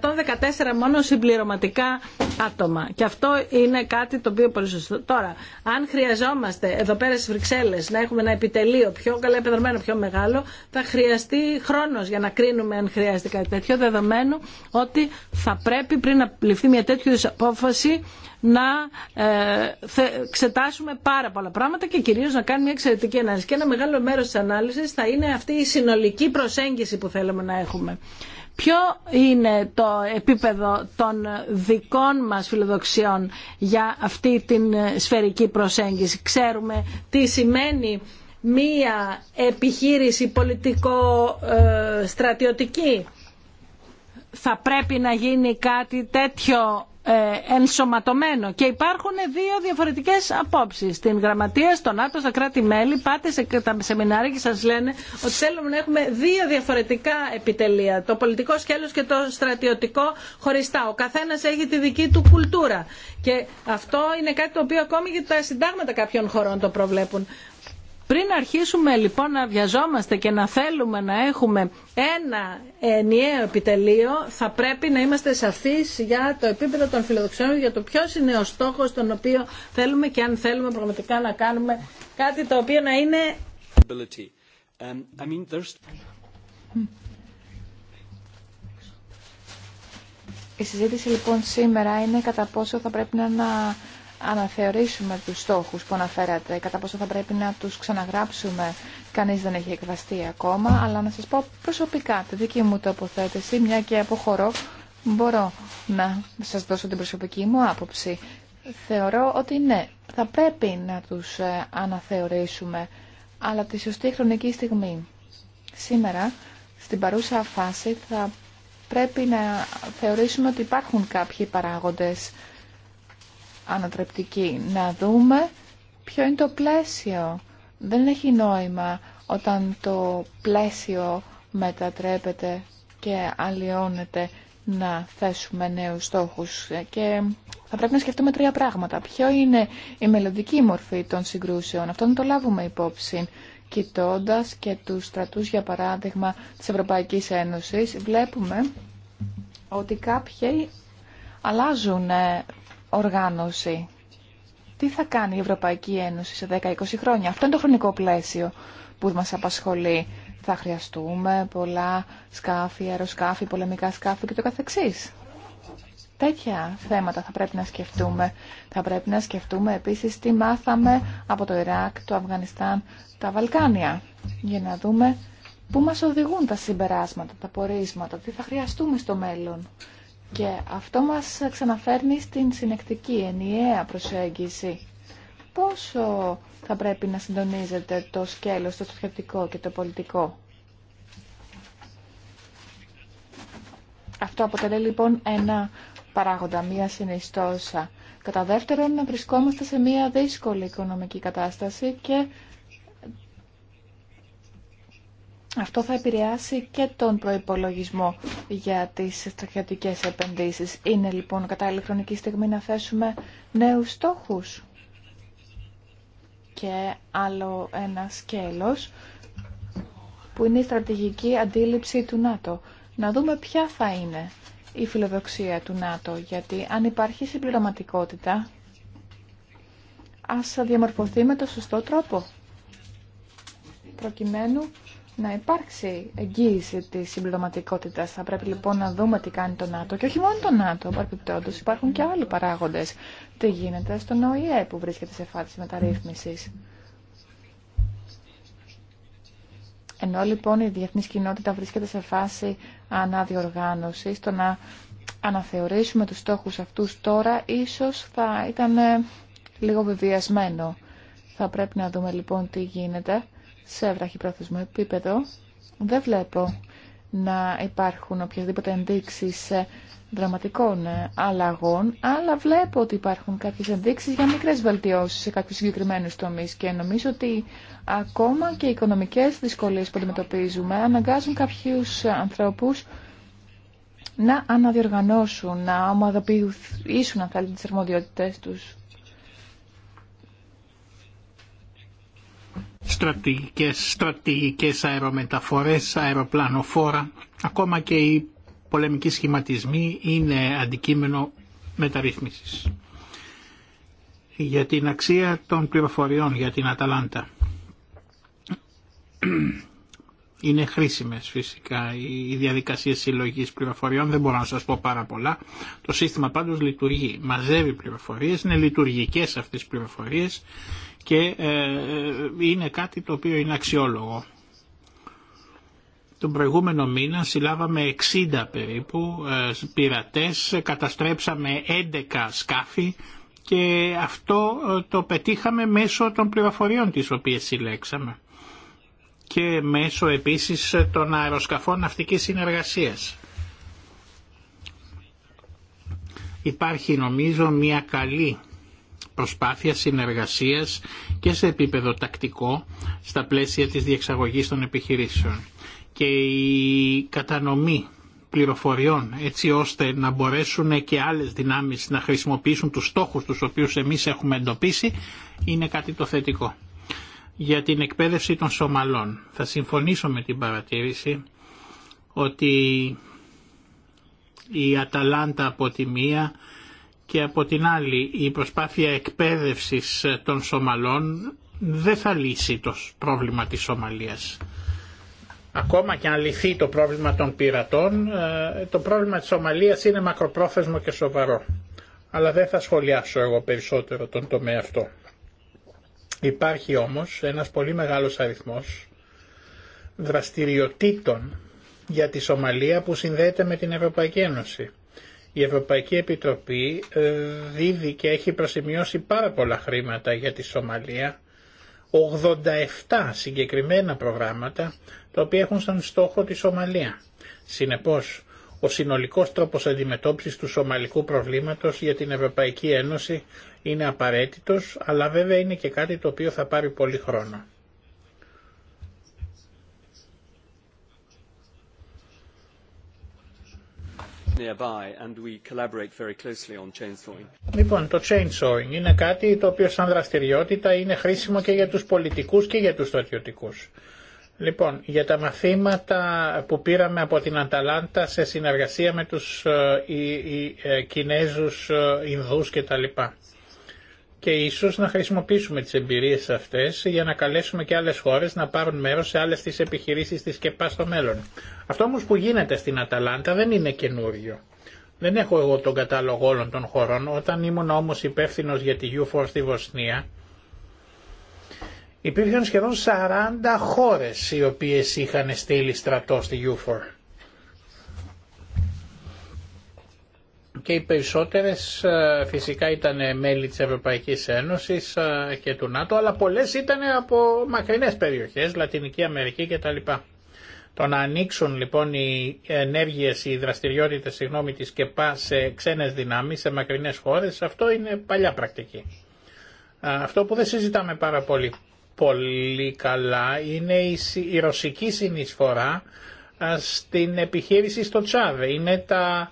Speaker 3: μόνο συμπληρωματικά άτομα. Και αυτό είναι κάτι το οποίο πολύ σωστό. Τώρα, αν χρειαζόμαστε εδώ πέρα στις Βρυξέλλες να έχουμε ένα επιτελείο πιο καλά επιδρομένο, πιο μεγάλο, θα χρειαστεί χρόνος για να κρίνουμε αν χρειάζεται κάτι τέτοιο, δεδομένου ότι θα πρέπει πριν να ληφθεί μια τέτοια απόφαση να ε, εξετάσουμε πάρα πολλά πράγματα και κυρίως να κάνουμε μια εξαιρετική ανάλυση. Και ένα μεγάλο μέρος της ανάλυσης θα είναι αυτή η συνολική προσέγγιση που θέλουμε να έχουμε. Ποιο είναι το επίπεδο των δικών μας φιλοδοξιών για αυτή την ε, σφαιρική προσέγγιση. Ξέρουμε τι σημαίνει μία επιχείρηση πολιτικό-στρατιωτική. Ε, θα πρέπει να γίνει κάτι τέτοιο ε, ενσωματωμένο και υπάρχουν δύο διαφορετικές απόψεις. Στην γραμματεία, στο ΝΑΤΟ, στα κράτη-μέλη πάτε σε τα σεμινάρια και σα λένε ότι θέλουμε να έχουμε δύο διαφορετικά επιτελεία, το πολιτικό σκέλος και το στρατιωτικό χωριστά. Ο καθένα έχει τη δική του κουλτούρα και αυτό είναι κάτι το οποίο ακόμη και τα συντάγματα κάποιων χωρών το προβλέπουν. Πριν αρχίσουμε λοιπόν να βιαζόμαστε και να θέλουμε να έχουμε ένα ενιαίο επιτελείο, θα πρέπει να είμαστε σαφείς για το επίπεδο των φιλοδοξιών, για το ποιο είναι ο στόχος τον οποίο θέλουμε και αν θέλουμε πραγματικά να κάνουμε κάτι το
Speaker 2: οποίο να είναι... Um, Η συζήτηση λοιπόν σήμερα είναι κατά πόσο θα πρέπει να αναθεωρήσουμε τους στόχους που αναφέρατε, κατά πόσο θα πρέπει να τους ξαναγράψουμε. Κανείς δεν έχει εκβαστεί ακόμα, αλλά να σας πω προσωπικά τη δική μου τοποθέτηση, μια και αποχωρώ, μπορώ να σας δώσω την προσωπική μου άποψη. Θεωρώ ότι ναι, θα πρέπει να τους ε, αναθεωρήσουμε, αλλά τη σωστή χρονική στιγμή. Σήμερα, στην παρούσα φάση, θα πρέπει να θεωρήσουμε ότι υπάρχουν κάποιοι παράγοντες ανατρεπτική. Να δούμε ποιο είναι το πλαίσιο. Δεν έχει νόημα όταν το πλαίσιο μετατρέπεται και αλλοιώνεται να θέσουμε νέους στόχους και θα πρέπει να σκεφτούμε τρία πράγματα. Ποιο είναι η μελλοντική μορφή των συγκρούσεων, αυτό να το λάβουμε υπόψη. Κοιτώντα και τους στρατούς, για παράδειγμα, της Ευρωπαϊκής Ένωσης, βλέπουμε ότι κάποιοι αλλάζουν ε, οργάνωση. Τι θα κάνει η Ευρωπαϊκή Ένωση σε 10-20 χρόνια. Αυτό είναι το χρονικό πλαίσιο που μας απασχολεί. Θα χρειαστούμε πολλά σκάφη, αεροσκάφη, πολεμικά σκάφη και το καθεξής. Τέτοια θέματα θα πρέπει να σκεφτούμε. Θα πρέπει να σκεφτούμε επίσης τι μάθαμε από το Ιράκ, το Αφγανιστάν, τα Βαλκάνια. Για να δούμε πού μας οδηγούν τα συμπεράσματα, τα πορίσματα, τι θα χρειαστούμε στο μέλλον. Και αυτό μας ξαναφέρνει στην συνεκτική, ενιαία προσέγγιση. Πόσο θα πρέπει να συντονίζεται το σκέλος, το στοχευτικό και το πολιτικό. Αυτό αποτελεί λοιπόν ένα παράγοντα, μία συνιστόσα. Κατά δεύτερον, βρισκόμαστε σε μία δύσκολη οικονομική κατάσταση και Αυτό θα επηρεάσει και τον προϋπολογισμό για τις στρατιωτικές επενδύσεις. Είναι λοιπόν κατά ηλεκτρονική στιγμή να θέσουμε νέους στόχους. Και άλλο ένα σκέλος που είναι η στρατηγική αντίληψη του ΝΑΤΟ. Να δούμε ποια θα είναι η φιλοδοξία του ΝΑΤΟ, γιατί αν υπάρχει συμπληρωματικότητα, ας διαμορφωθεί με το σωστό τρόπο, προκειμένου να υπάρξει εγγύηση τη συμπληρωματικότητα. Θα πρέπει λοιπόν να δούμε τι κάνει το ΝΑΤΟ. Και όχι μόνο το ΝΑΤΟ, παρεπιπτόντω υπάρχουν και άλλοι παράγοντε. Τι γίνεται στον ΟΗΕ που βρίσκεται σε φάση μεταρρύθμιση. Ενώ λοιπόν η διεθνή κοινότητα βρίσκεται σε φάση αναδιοργάνωση, το να αναθεωρήσουμε του στόχου αυτού τώρα ίσω θα ήταν ε, λίγο βεβαιασμένο. Θα πρέπει να δούμε λοιπόν τι γίνεται σε βραχυπρόθεσμο επίπεδο δεν βλέπω να υπάρχουν οποιασδήποτε ενδείξει ε, δραματικών ε, αλλαγών, αλλά βλέπω ότι υπάρχουν κάποιες ενδείξει για μικρές βελτιώσει σε κάποιου συγκεκριμένου τομεί. και νομίζω ότι ακόμα και οι οικονομικές δυσκολίες που αντιμετωπίζουμε αναγκάζουν κάποιους ανθρώπους να αναδιοργανώσουν, να ομαδοποιήσουν αν θέλετε τις αρμοδιότητέ τους
Speaker 1: στρατηγικές, στρατηγικές αερομεταφορές, αεροπλανοφόρα, ακόμα και οι πολεμικοί σχηματισμοί είναι αντικείμενο μεταρρύθμισης. Για την αξία των πληροφοριών για την Αταλάντα. Είναι χρήσιμες φυσικά οι διαδικασίες συλλογής πληροφοριών, δεν μπορώ να σας πω πάρα πολλά. Το σύστημα πάντως λειτουργεί, μαζεύει πληροφορίες, είναι λειτουργικές αυτές τις πληροφορίες και ε, ε, είναι κάτι το οποίο είναι αξιόλογο. Τον προηγούμενο μήνα συλλάβαμε 60 περίπου ε, πειρατές, καταστρέψαμε 11 σκάφη και αυτό το πετύχαμε μέσω των πληροφοριών τις οποίες συλλέξαμε και μέσω επίσης των αεροσκαφών ναυτικής συνεργασίας. Υπάρχει νομίζω μια καλή προσπάθεια συνεργασίας και σε επίπεδο τακτικό στα πλαίσια της διεξαγωγής των επιχειρήσεων. Και η κατανομή πληροφοριών έτσι ώστε να μπορέσουν και άλλες δυνάμεις να χρησιμοποιήσουν τους στόχους τους οποίους εμείς έχουμε εντοπίσει είναι κάτι το θετικό. Για την εκπαίδευση των Σομαλών θα συμφωνήσω με την παρατήρηση ότι η Αταλάντα από τη μία και από την άλλη η προσπάθεια εκπαίδευσης των Σομαλών δεν θα λύσει το πρόβλημα της Σομαλίας. Ακόμα και αν λυθεί το πρόβλημα των πειρατών, ε, το πρόβλημα της Σομαλίας είναι μακροπρόθεσμο και σοβαρό. Αλλά δεν θα σχολιάσω εγώ περισσότερο τον τομέα αυτό. Υπάρχει όμως ένας πολύ μεγάλος αριθμός δραστηριοτήτων για τη Σομαλία που συνδέεται με την Ευρωπαϊκή Ένωση. Η Ευρωπαϊκή Επιτροπή ε, δίδει και έχει προσημειώσει πάρα πολλά χρήματα για τη Σομαλία, 87 συγκεκριμένα προγράμματα, τα οποία έχουν σαν στόχο τη Σομαλία. Συνεπώς, ο συνολικός τρόπος αντιμετώπισης του σομαλικού προβλήματος για την Ευρωπαϊκή Ένωση είναι απαραίτητος, αλλά βέβαια είναι και κάτι το οποίο θα πάρει πολύ χρόνο. Λοιπόν, το chainsawing είναι κάτι το οποίο σαν δραστηριότητα είναι χρήσιμο και για τους πολιτικούς και για τους στρατιωτικούς. Λοιπόν, για τα μαθήματα που πήραμε από την Ανταλάντα σε συνεργασία με τους ε, οι, οι, ε, Κινέζους, ε, Ινδούς κτλ και ίσως να χρησιμοποιήσουμε τις εμπειρίες αυτές για να καλέσουμε και άλλες χώρες να πάρουν μέρος σε άλλες τις επιχειρήσεις της ΚΕΠΑ στο μέλλον. Αυτό όμως που γίνεται στην Αταλάντα δεν είναι καινούριο. Δεν έχω εγώ τον κατάλογο όλων των χωρών, όταν ήμουν όμως υπεύθυνο για τη U4 στη Βοσνία, υπήρχαν σχεδόν 40 χώρες οι οποίες είχαν στείλει στρατό στη U4. και οι περισσότερες ε, φυσικά ήταν μέλη της Ευρωπαϊκής Ένωσης ε, και του ΝΑΤΟ, αλλά πολλές ήταν από μακρινές περιοχές, Λατινική Αμερική κτλ. Το να ανοίξουν λοιπόν οι ενέργειες, οι δραστηριότητες συγγνώμη, της ΚΕΠΑ σε ξένες δυνάμεις, σε μακρινές χώρες, αυτό είναι παλιά πρακτική. Ε, αυτό που δεν συζητάμε πάρα πολύ, καλά είναι η, η ρωσική συνεισφορά στην επιχείρηση στο Τσάβε. Είναι τα,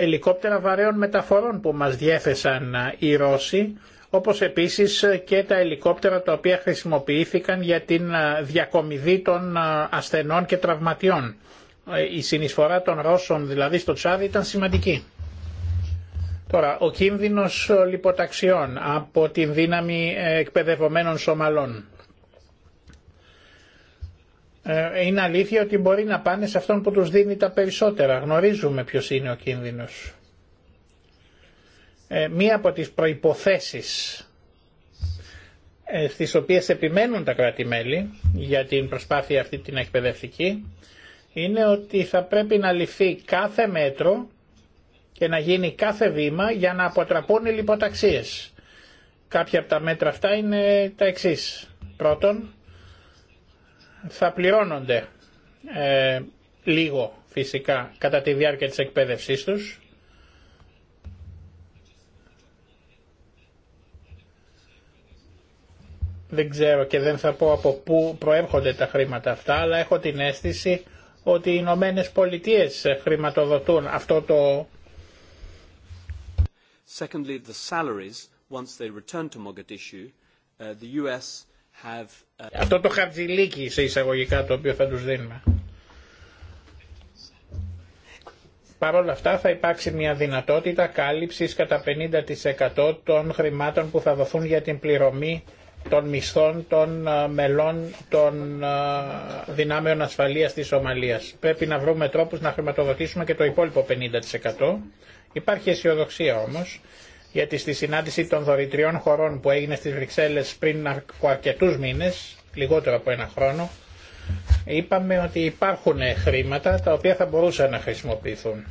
Speaker 1: ελικόπτερα βαρέων μεταφορών που μας διέθεσαν οι Ρώσοι, όπως επίσης και τα ελικόπτερα τα οποία χρησιμοποιήθηκαν για την διακομιδή των ασθενών και τραυματιών. Ε, η συνεισφορά των Ρώσων δηλαδή στο Τσάδι ήταν σημαντική. Τώρα, ο κίνδυνος ε, λιποταξιών από την δύναμη ε, εκπαιδευομένων Σομαλών. Ε, είναι αλήθεια ότι μπορεί να πάνε σε αυτόν που τους δίνει τα περισσότερα. Γνωρίζουμε ποιος είναι ο κίνδυνος. Ε, μία από τις προϋποθέσεις ε, στις οποίες επιμένουν τα κράτη-μέλη για την προσπάθεια αυτή την εκπαιδευτική είναι ότι θα πρέπει να ληφθεί κάθε μέτρο και να γίνει κάθε βήμα για να αποτραπούν οι λιποταξίες. Κάποια από τα μέτρα αυτά είναι τα εξής. Πρώτον, θα πληρώνονται ε, λίγο φυσικά κατά τη διάρκεια της εκπαίδευσής τους. Δεν ξέρω και δεν θα πω από πού προέρχονται τα χρήματα αυτά, αλλά έχω την αίσθηση ότι οι Ηνωμένε Πολιτείε χρηματοδοτούν αυτό το...
Speaker 4: Secondly, the salaries, once they return to Mogadishu, uh, the US
Speaker 1: have αυτό το χαρτζηλίκι σε εισαγωγικά το οποίο θα τους δίνουμε. Παρ' όλα αυτά θα υπάρξει μια δυνατότητα κάλυψης κατά 50% των χρημάτων που θα δοθούν για την πληρωμή των μισθών των ε, μελών των ε, δυνάμεων ασφαλείας της Σομαλίας. Πρέπει να βρούμε τρόπους να χρηματοδοτήσουμε και το υπόλοιπο 50%. Υπάρχει αισιοδοξία όμως γιατί στη συνάντηση των δωρητριών χωρών που έγινε στις Βρυξέλλες πριν από αρκετούς μήνες, λιγότερο από ένα χρόνο, είπαμε ότι υπάρχουν χρήματα τα οποία θα μπορούσαν να χρησιμοποιηθούν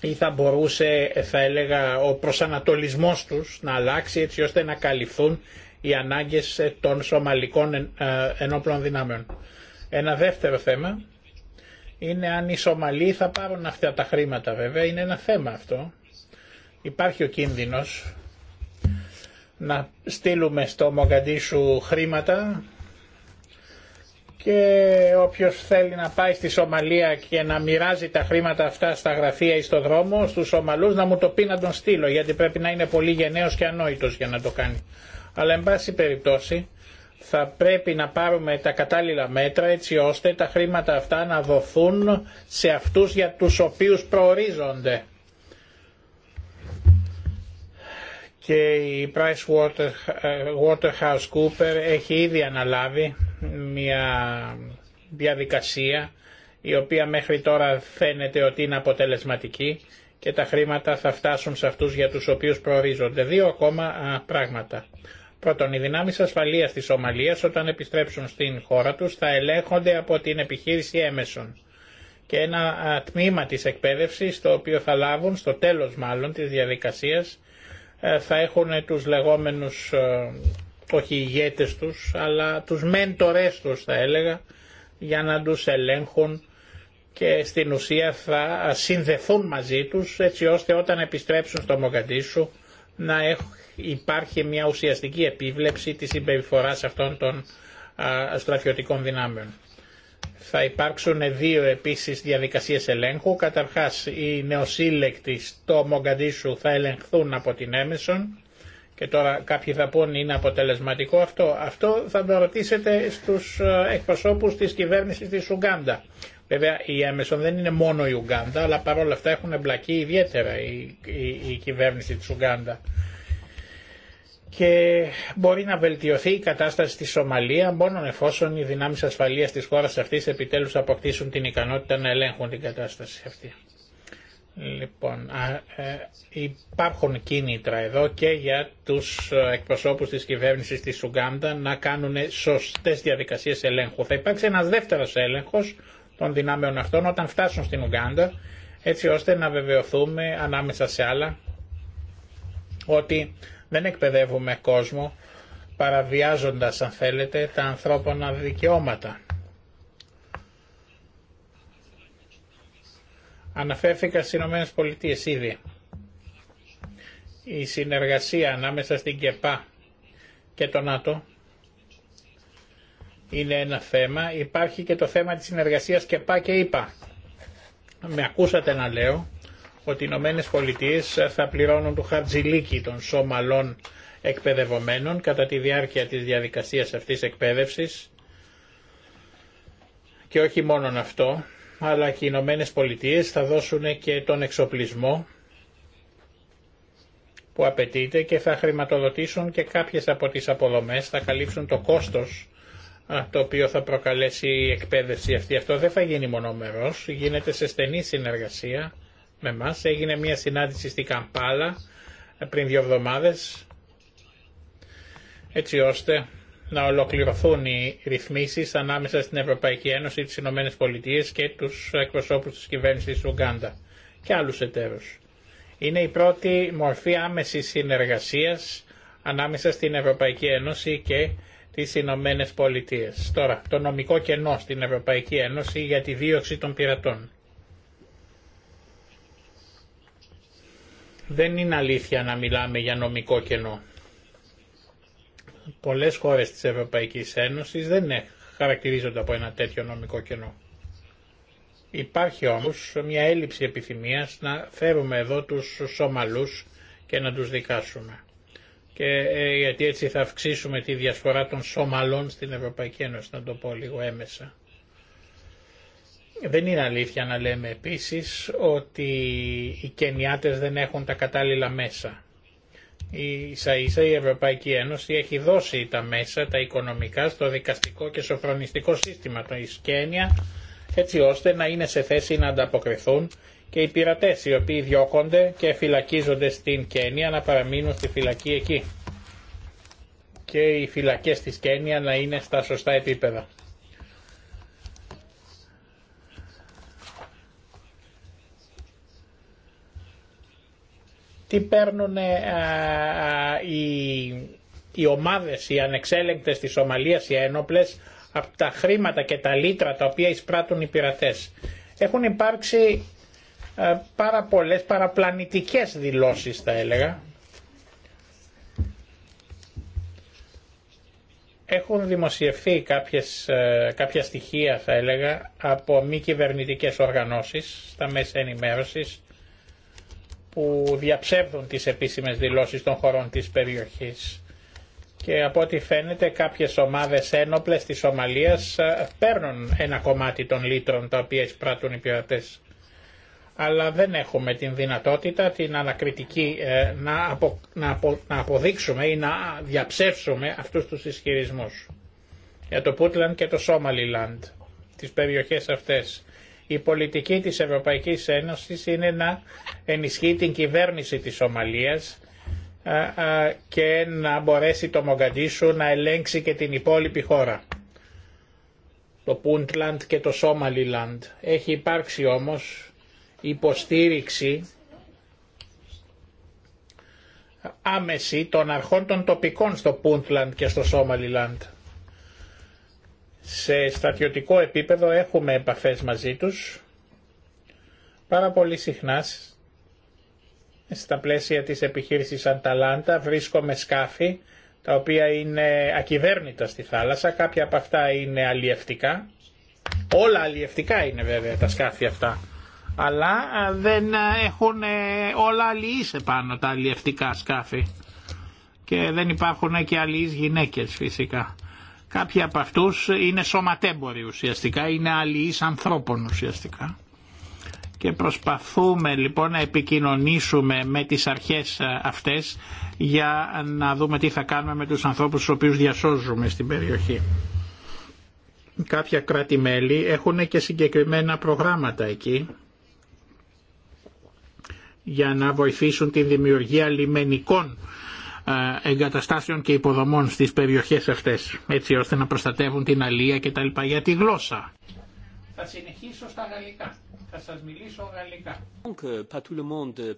Speaker 1: ή θα μπορούσε θα έλεγα ο προσανατολισμός τους να αλλάξει έτσι ώστε να καλυφθούν οι ανάγκες ε, των σομαλικών ε, ε, ενόπλων δυνάμεων. Ένα δεύτερο θέμα είναι αν οι Σομαλοί θα πάρουν αυτά τα χρήματα βέβαια, είναι ένα θέμα αυτό. Υπάρχει ο κίνδυνος να στείλουμε στο Μογκαντήσου χρήματα και όποιος θέλει να πάει στη Σομαλία και να μοιράζει τα χρήματα αυτά στα γραφεία ή στο δρόμο, στους Σομαλούς να μου το πει να τον στείλω γιατί πρέπει να είναι πολύ γενναίος και ανόητος για να το κάνει. Αλλά εν πάση περιπτώσει θα πρέπει να πάρουμε τα κατάλληλα μέτρα έτσι ώστε τα χρήματα αυτά να δοθούν σε αυτούς για τους οποίους προορίζονται. και η Cooper έχει ήδη αναλάβει μια διαδικασία η οποία μέχρι τώρα φαίνεται ότι είναι αποτελεσματική και τα χρήματα θα φτάσουν σε αυτούς για τους οποίους προορίζονται. Δύο ακόμα πράγματα. Πρώτον, οι δυνάμεις ασφαλείας της Ομαλίας όταν επιστρέψουν στην χώρα τους θα ελέγχονται από την επιχείρηση Έμεσον και ένα τμήμα της εκπαίδευσης το οποίο θα λάβουν στο τέλος μάλλον της διαδικασίας ε, θα έχουν τους λεγόμενους, ε, όχι ηγέτες τους, αλλά τους μέντορές τους θα έλεγα, για να τους ελέγχουν και στην ουσία θα συνδεθούν μαζί τους έτσι ώστε όταν επιστρέψουν στο Μογκαντήσου να υπάρχει μια ουσιαστική επίβλεψη της συμπεριφοράς αυτών των στρατιωτικών δυνάμεων. Θα υπάρξουν δύο επίσης διαδικασίες ελέγχου. Καταρχάς οι νεοσύλλεκτοι στο Μογκαντήσου θα ελεγχθούν από την Έμεσον και τώρα κάποιοι θα πούν είναι αποτελεσματικό αυτό. Αυτό θα το ρωτήσετε στους ε, εκπροσώπους της κυβέρνησης της Ουγκάντα. Βέβαια η Έμεσον δεν είναι μόνο η Ουγκάντα αλλά παρόλα αυτά έχουν εμπλακεί ιδιαίτερα η, η, κυβέρνηση της Ουγγάντα και μπορεί να βελτιωθεί η κατάσταση στη Σομαλία μόνο εφόσον οι δυνάμεις ασφαλείας της χώρας αυτής επιτέλους αποκτήσουν την ικανότητα να ελέγχουν την κατάσταση αυτή. Λοιπόν, ε, υπάρχουν κίνητρα εδώ και για τους ε, εκπροσώπους της κυβέρνησης της Ουγγάντα να κάνουν σωστές διαδικασίες ελέγχου. Θα υπάρξει ένας δεύτερος έλεγχος των δυνάμεων αυτών όταν φτάσουν στην Ουγγάντα, έτσι ώστε να βεβαιωθούμε ανάμεσα σε άλλα ότι δεν εκπαιδεύουμε κόσμο παραβιάζοντας, αν θέλετε, τα ανθρώπινα δικαιώματα. Αναφέρθηκα στι Ηνωμένε Πολιτείε ήδη. Η συνεργασία ανάμεσα στην ΚΕΠΑ και το ΝΑΤΟ είναι ένα θέμα. Υπάρχει και το θέμα της συνεργασίας ΚΕΠΑ και ΙΠΑ. Με ακούσατε να λέω ότι οι Ηνωμένε Πολιτείε θα πληρώνουν του χαρτζιλίκη των σώμαλών εκπαιδευομένων κατά τη διάρκεια της διαδικασίας αυτής εκπαίδευσης και όχι μόνον αυτό, αλλά και οι Ηνωμένε Πολιτείε θα δώσουν και τον εξοπλισμό που απαιτείται και θα χρηματοδοτήσουν και κάποιες από τις αποδομές, θα καλύψουν το κόστος το οποίο θα προκαλέσει η εκπαίδευση αυτή. Αυτό δεν θα γίνει μονομερός, γίνεται σε στενή συνεργασία με εμά. Έγινε μια συνάντηση στη Καμπάλα ε, πριν δύο εβδομάδες έτσι ώστε να ολοκληρωθούν οι ρυθμίσεις ανάμεσα στην Ευρωπαϊκή Ένωση, τις Ηνωμένε Πολιτείες και τους εκπροσώπους της κυβέρνησης του Ουγγάντα και άλλου εταίρους. Είναι η πρώτη μορφή άμεσης συνεργασίας ανάμεσα στην Ευρωπαϊκή Ένωση και τις Ηνωμένε Πολιτείες. Τώρα, το νομικό κενό στην Ευρωπαϊκή Ένωση για τη δίωξη των πειρατών. Δεν είναι αλήθεια να μιλάμε για νομικό κενό. Πολλές χώρες της Ευρωπαϊκής Ένωσης δεν χαρακτηρίζονται από ένα τέτοιο νομικό κενό. Υπάρχει όμως μια έλλειψη επιθυμίας να φέρουμε εδώ τους Σομαλούς και να τους δικάσουμε. Και ε, γιατί έτσι θα αυξήσουμε τη διασφορά των Σομαλών στην Ευρωπαϊκή Ένωση, να το πω λίγο έμεσα. Δεν είναι αλήθεια να λέμε επίσης ότι οι Κενιάτες δεν έχουν τα κατάλληλα μέσα. Η ίσα ίσα η Ευρωπαϊκή Ένωση έχει δώσει τα μέσα, τα οικονομικά, στο δικαστικό και σοφρονιστικό σύστημα της Κένια, έτσι ώστε να είναι σε θέση να ανταποκριθούν και οι πειρατέ οι οποίοι διώκονται και φυλακίζονται στην Κένια να παραμείνουν στη φυλακή εκεί και οι φυλακές της Κένια να είναι στα σωστά επίπεδα. τι παίρνουν ε, ε, οι, οι ομάδες, οι ανεξέλεγκτες της Σομαλίας, οι ένοπλες, από τα χρήματα και τα λίτρα τα οποία εισπράττουν οι πειρατές. Έχουν υπάρξει ε, πάρα πολλές παραπλανητικές δηλώσεις θα έλεγα. Έχουν δημοσιευθεί κάποιες, κάποια στοιχεία θα έλεγα από μη κυβερνητικέ οργανώσεις στα μέσα ενημέρωσης που διαψεύδουν τις επίσημες δηλώσεις των χωρών της περιοχής. Και από ό,τι φαίνεται κάποιες ομάδες ένοπλες της Σομαλίας ε, παίρνουν ένα κομμάτι των λίτρων τα οποία εισπράττουν οι πειρατές. Αλλά δεν έχουμε την δυνατότητα την ανακριτική ε, να, να, να αποδείξουμε ή να διαψεύσουμε αυτούς τους ισχυρισμούς για το Πούτλαντ και το Σόμαλιλαντ, τις περιοχές αυτές η πολιτική της Ευρωπαϊκής Ένωσης είναι να ενισχύει την κυβέρνηση της Σομαλίας και να μπορέσει το Μογκαντήσου να ελέγξει και την υπόλοιπη χώρα. Το Πούντλαντ και το Σόμαλιλαντ. Έχει υπάρξει όμως υποστήριξη άμεση των αρχών των τοπικών στο Πούντλαντ και στο Σόμαλιλαντ. Σε στρατιωτικό επίπεδο έχουμε επαφές μαζί τους πάρα πολύ συχνά στα πλαίσια της επιχείρησης Ανταλάντα βρίσκομαι σκάφη τα οποία είναι ακυβέρνητα στη θάλασσα, κάποια από αυτά είναι αλλιευτικά. Όλα αλλιευτικά είναι βέβαια τα σκάφη αυτά, αλλά δεν έχουν ε, όλα αλλιείς επάνω τα αλλιευτικά σκάφη και δεν υπάρχουν και αλλιείς γυναίκες φυσικά. Κάποιοι από αυτούς είναι σωματέμποροι ουσιαστικά, είναι αλληλείς ανθρώπων ουσιαστικά. Και προσπαθούμε λοιπόν να επικοινωνήσουμε με τις αρχές ε, αυτές για να δούμε τι θα κάνουμε με τους ανθρώπους τους οποίους διασώζουμε στην περιοχή. Κάποια κράτη-μέλη έχουν και συγκεκριμένα προγράμματα εκεί για να βοηθήσουν τη δημιουργία λιμενικών ε, εγκαταστάσεων και υποδομών στις περιοχές αυτές, έτσι ώστε να προστατεύουν την αλία και τα λοιπά για τη γλώσσα. Θα συνεχίσω στα γαλλικά. Θα σας μιλήσω γαλλικά.
Speaker 4: Donc, euh, pas tout le monde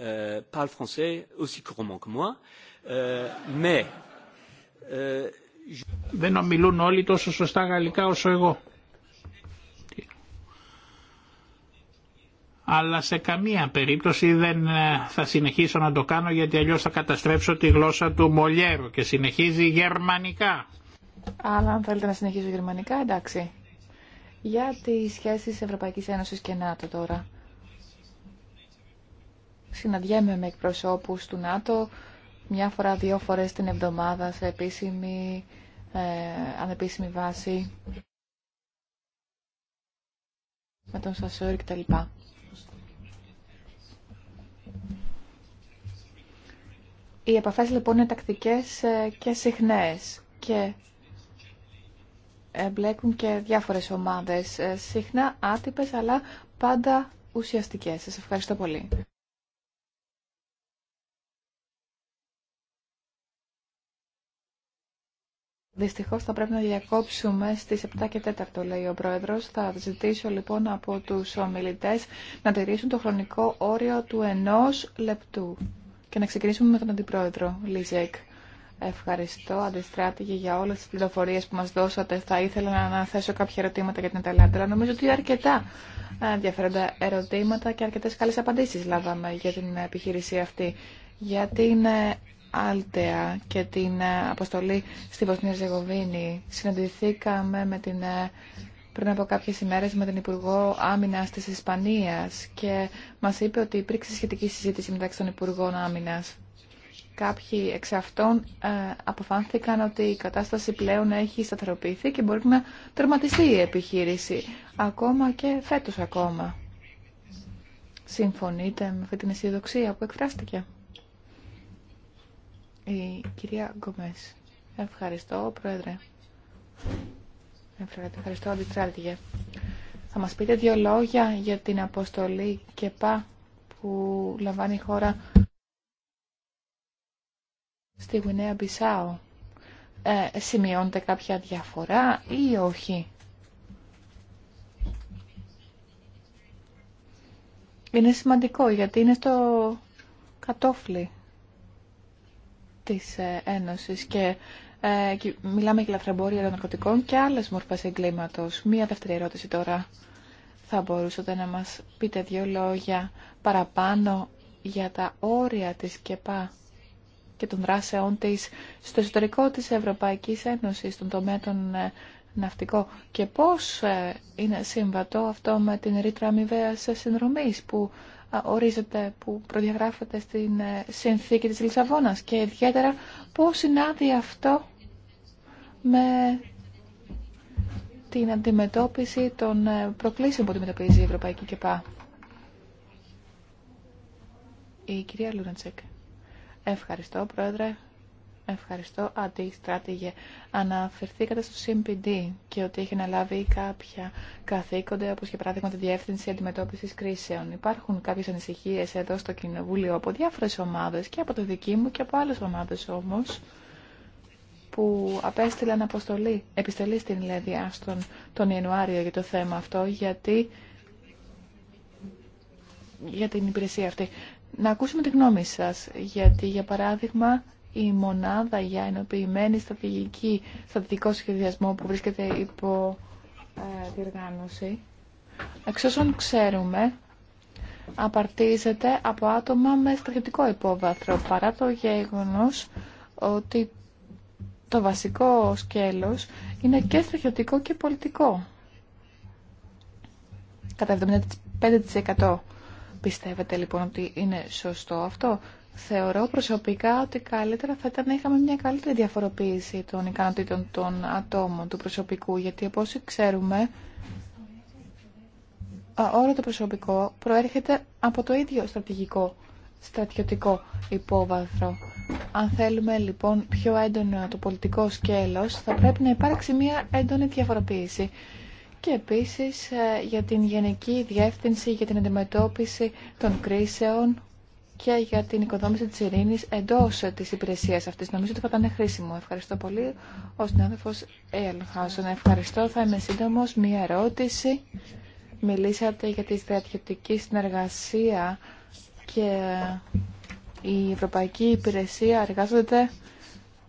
Speaker 4: euh, parle français aussi couramment que moi, euh, mais
Speaker 1: δεν ομιλούν όλοι τόσο σωστά γαλλικά όσο εγώ. αλλά σε καμία περίπτωση δεν ε, θα συνεχίσω να το κάνω γιατί αλλιώς θα καταστρέψω τη γλώσσα του Μολιέρου και συνεχίζει γερμανικά.
Speaker 2: Αλλά αν θέλετε να συνεχίσω γερμανικά, εντάξει. Για τις σχέσεις Ευρωπαϊκής Ένωσης και ΝΑΤΟ τώρα. Συναντιέμαι με εκπροσώπους του ΝΑΤΟ μια φορά, δύο φορές την εβδομάδα σε επίσημη, ε, ανεπίσημη βάση με τον τα λοιπά. Οι επαφές λοιπόν είναι τακτικές ε, και συχνές και εμπλέκουν και διάφορες ομάδες, ε, συχνά άτυπες αλλά πάντα ουσιαστικές. Σας ευχαριστώ πολύ. Δυστυχώ θα πρέπει να διακόψουμε στι 7 και 4, λέει ο Πρόεδρο. Θα ζητήσω λοιπόν από του ομιλητέ να τηρήσουν το χρονικό όριο του ενό λεπτού. Και να ξεκινήσουμε με τον Αντιπρόεδρο Λίζεκ. Ευχαριστώ, Αντιστράτηγε, για όλε τι πληροφορίε που μα δώσατε. Θα ήθελα να αναθέσω κάποια ερωτήματα για την Ιταλία. Αλλά νομίζω ότι αρκετά ε, ενδιαφέροντα ερωτήματα και αρκετέ καλέ απαντήσει λάβαμε για την επιχείρηση αυτή. Για την ε, Άλτεα και την ε, αποστολή στη Βοσνία Ζεγοβίνη συναντηθήκαμε με την πριν από κάποιες ημέρε με τον Υπουργό Άμυνα τη Ισπανία και μα είπε ότι υπήρξε σχετική συζήτηση μεταξύ των Υπουργών Άμυνα. Κάποιοι εξ αυτών ε, αποφάνθηκαν ότι η κατάσταση πλέον έχει σταθεροποιηθεί και μπορεί να τερματιστεί η επιχείρηση, ακόμα και φέτος ακόμα. Συμφωνείτε με αυτή την αισιοδοξία που εκφράστηκε. Η κυρία Γκομές. Ευχαριστώ, Πρόεδρε. Ευχαριστώ, Αντιτράτηγε. Θα μας πείτε δύο λόγια για την αποστολή ΚΕΠΑ που λαμβάνει η χώρα στη Γουινέα Μπισάου. Ε, σημειώνεται κάποια διαφορά ή όχι. Είναι σημαντικό γιατί είναι στο κατόφλι της ε, Ένωσης και ε, μιλάμε για λαθρεμπόρια των ναρκωτικών και άλλες μορφές εγκλήματο. Μία δεύτερη ερώτηση τώρα. Θα μπορούσατε να μας πείτε δύο λόγια παραπάνω για τα όρια της ΚΕΠΑ και των δράσεών τη στο εσωτερικό της Ευρωπαϊκής Ένωσης, στον τομέα των ε, ναυτικών και πώς ε, είναι συμβατό αυτό με την ρήτρα αμοιβαία συνδρομή που ορίζεται, που προδιαγράφεται στην ε, συνθήκη της Λισαβόνας και ιδιαίτερα πώς συνάδει αυτό με την αντιμετώπιση των ε, προκλήσεων που αντιμετωπίζει η Ευρωπαϊκή ΚΕΠΑ. Η κυρία Λούραντσεκ. Ευχαριστώ, Πρόεδρε. Ευχαριστώ, αντίστρατηγε. Αναφερθήκατε στο CMPD και ότι έχει λάβει κάποια καθήκοντα, όπω για παράδειγμα τη διεύθυνση αντιμετώπιση κρίσεων. Υπάρχουν κάποιε ανησυχίε εδώ στο Κοινοβούλιο από διάφορε ομάδε και από το δική μου και από άλλε ομάδε όμω που απέστειλαν αποστολή, επιστολή στην Λέδη Άστον τον Ιανουάριο για το θέμα αυτό, γιατί για την υπηρεσία αυτή. Να ακούσουμε τη γνώμη σας, γιατί για παράδειγμα η μονάδα για ενοποιημένη στρατηγική, στρατηγικό σχεδιασμό που βρίσκεται υπό ε, οργάνωση. εξ όσων ξέρουμε, απαρτίζεται από άτομα με στρατιωτικό υπόβαθρο, παρά το γεγονός ότι το βασικό σκέλος είναι και στρατιωτικό και πολιτικό. Κατά 75% πιστεύετε λοιπόν ότι είναι σωστό αυτό Θεωρώ προσωπικά ότι καλύτερα θα ήταν να είχαμε μια καλύτερη διαφοροποίηση των ικανοτήτων των ατόμων του προσωπικού, γιατί όπω ξέρουμε, όλο το προσωπικό προέρχεται από το ίδιο στρατηγικό, στρατιωτικό υπόβαθρο. Αν θέλουμε λοιπόν πιο έντονο το πολιτικό σκέλος, θα πρέπει να υπάρξει μια έντονη διαφοροποίηση. Και επίσης ε, για την Γενική Διεύθυνση για την Αντιμετώπιση των Κρίσεων και για την οικοδόμηση της ειρήνης εντός της υπηρεσίας αυτής. Νομίζω ότι θα ήταν χρήσιμο. Ευχαριστώ πολύ. Ο συνάδελφος Έλχαζον, ευχαριστώ. Θα είμαι σύντομο. Μία ερώτηση. Μιλήσατε για τη στρατιωτική συνεργασία και η Ευρωπαϊκή Υπηρεσία εργάζεται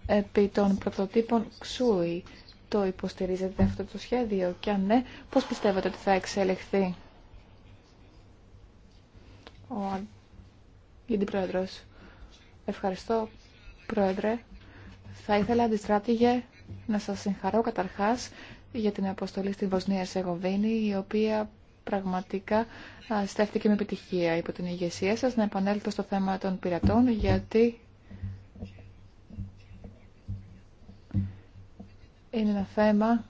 Speaker 2: επί των πρωτοτύπων XUI. Το υποστηρίζετε αυτό το σχέδιο και αν ναι, πώς πιστεύετε ότι θα εξελιχθεί. Ο για Πρόεδρος. Ευχαριστώ, Πρόεδρε. Θα ήθελα, αντιστράτηγε, να σας συγχαρώ καταρχάς για την αποστολή στην Βοσνία Ερσεγοβίνη, η οποία πραγματικά στέφτηκε με επιτυχία υπό την ηγεσία σας. Να επανέλθω στο θέμα των πειρατών, γιατί είναι ένα θέμα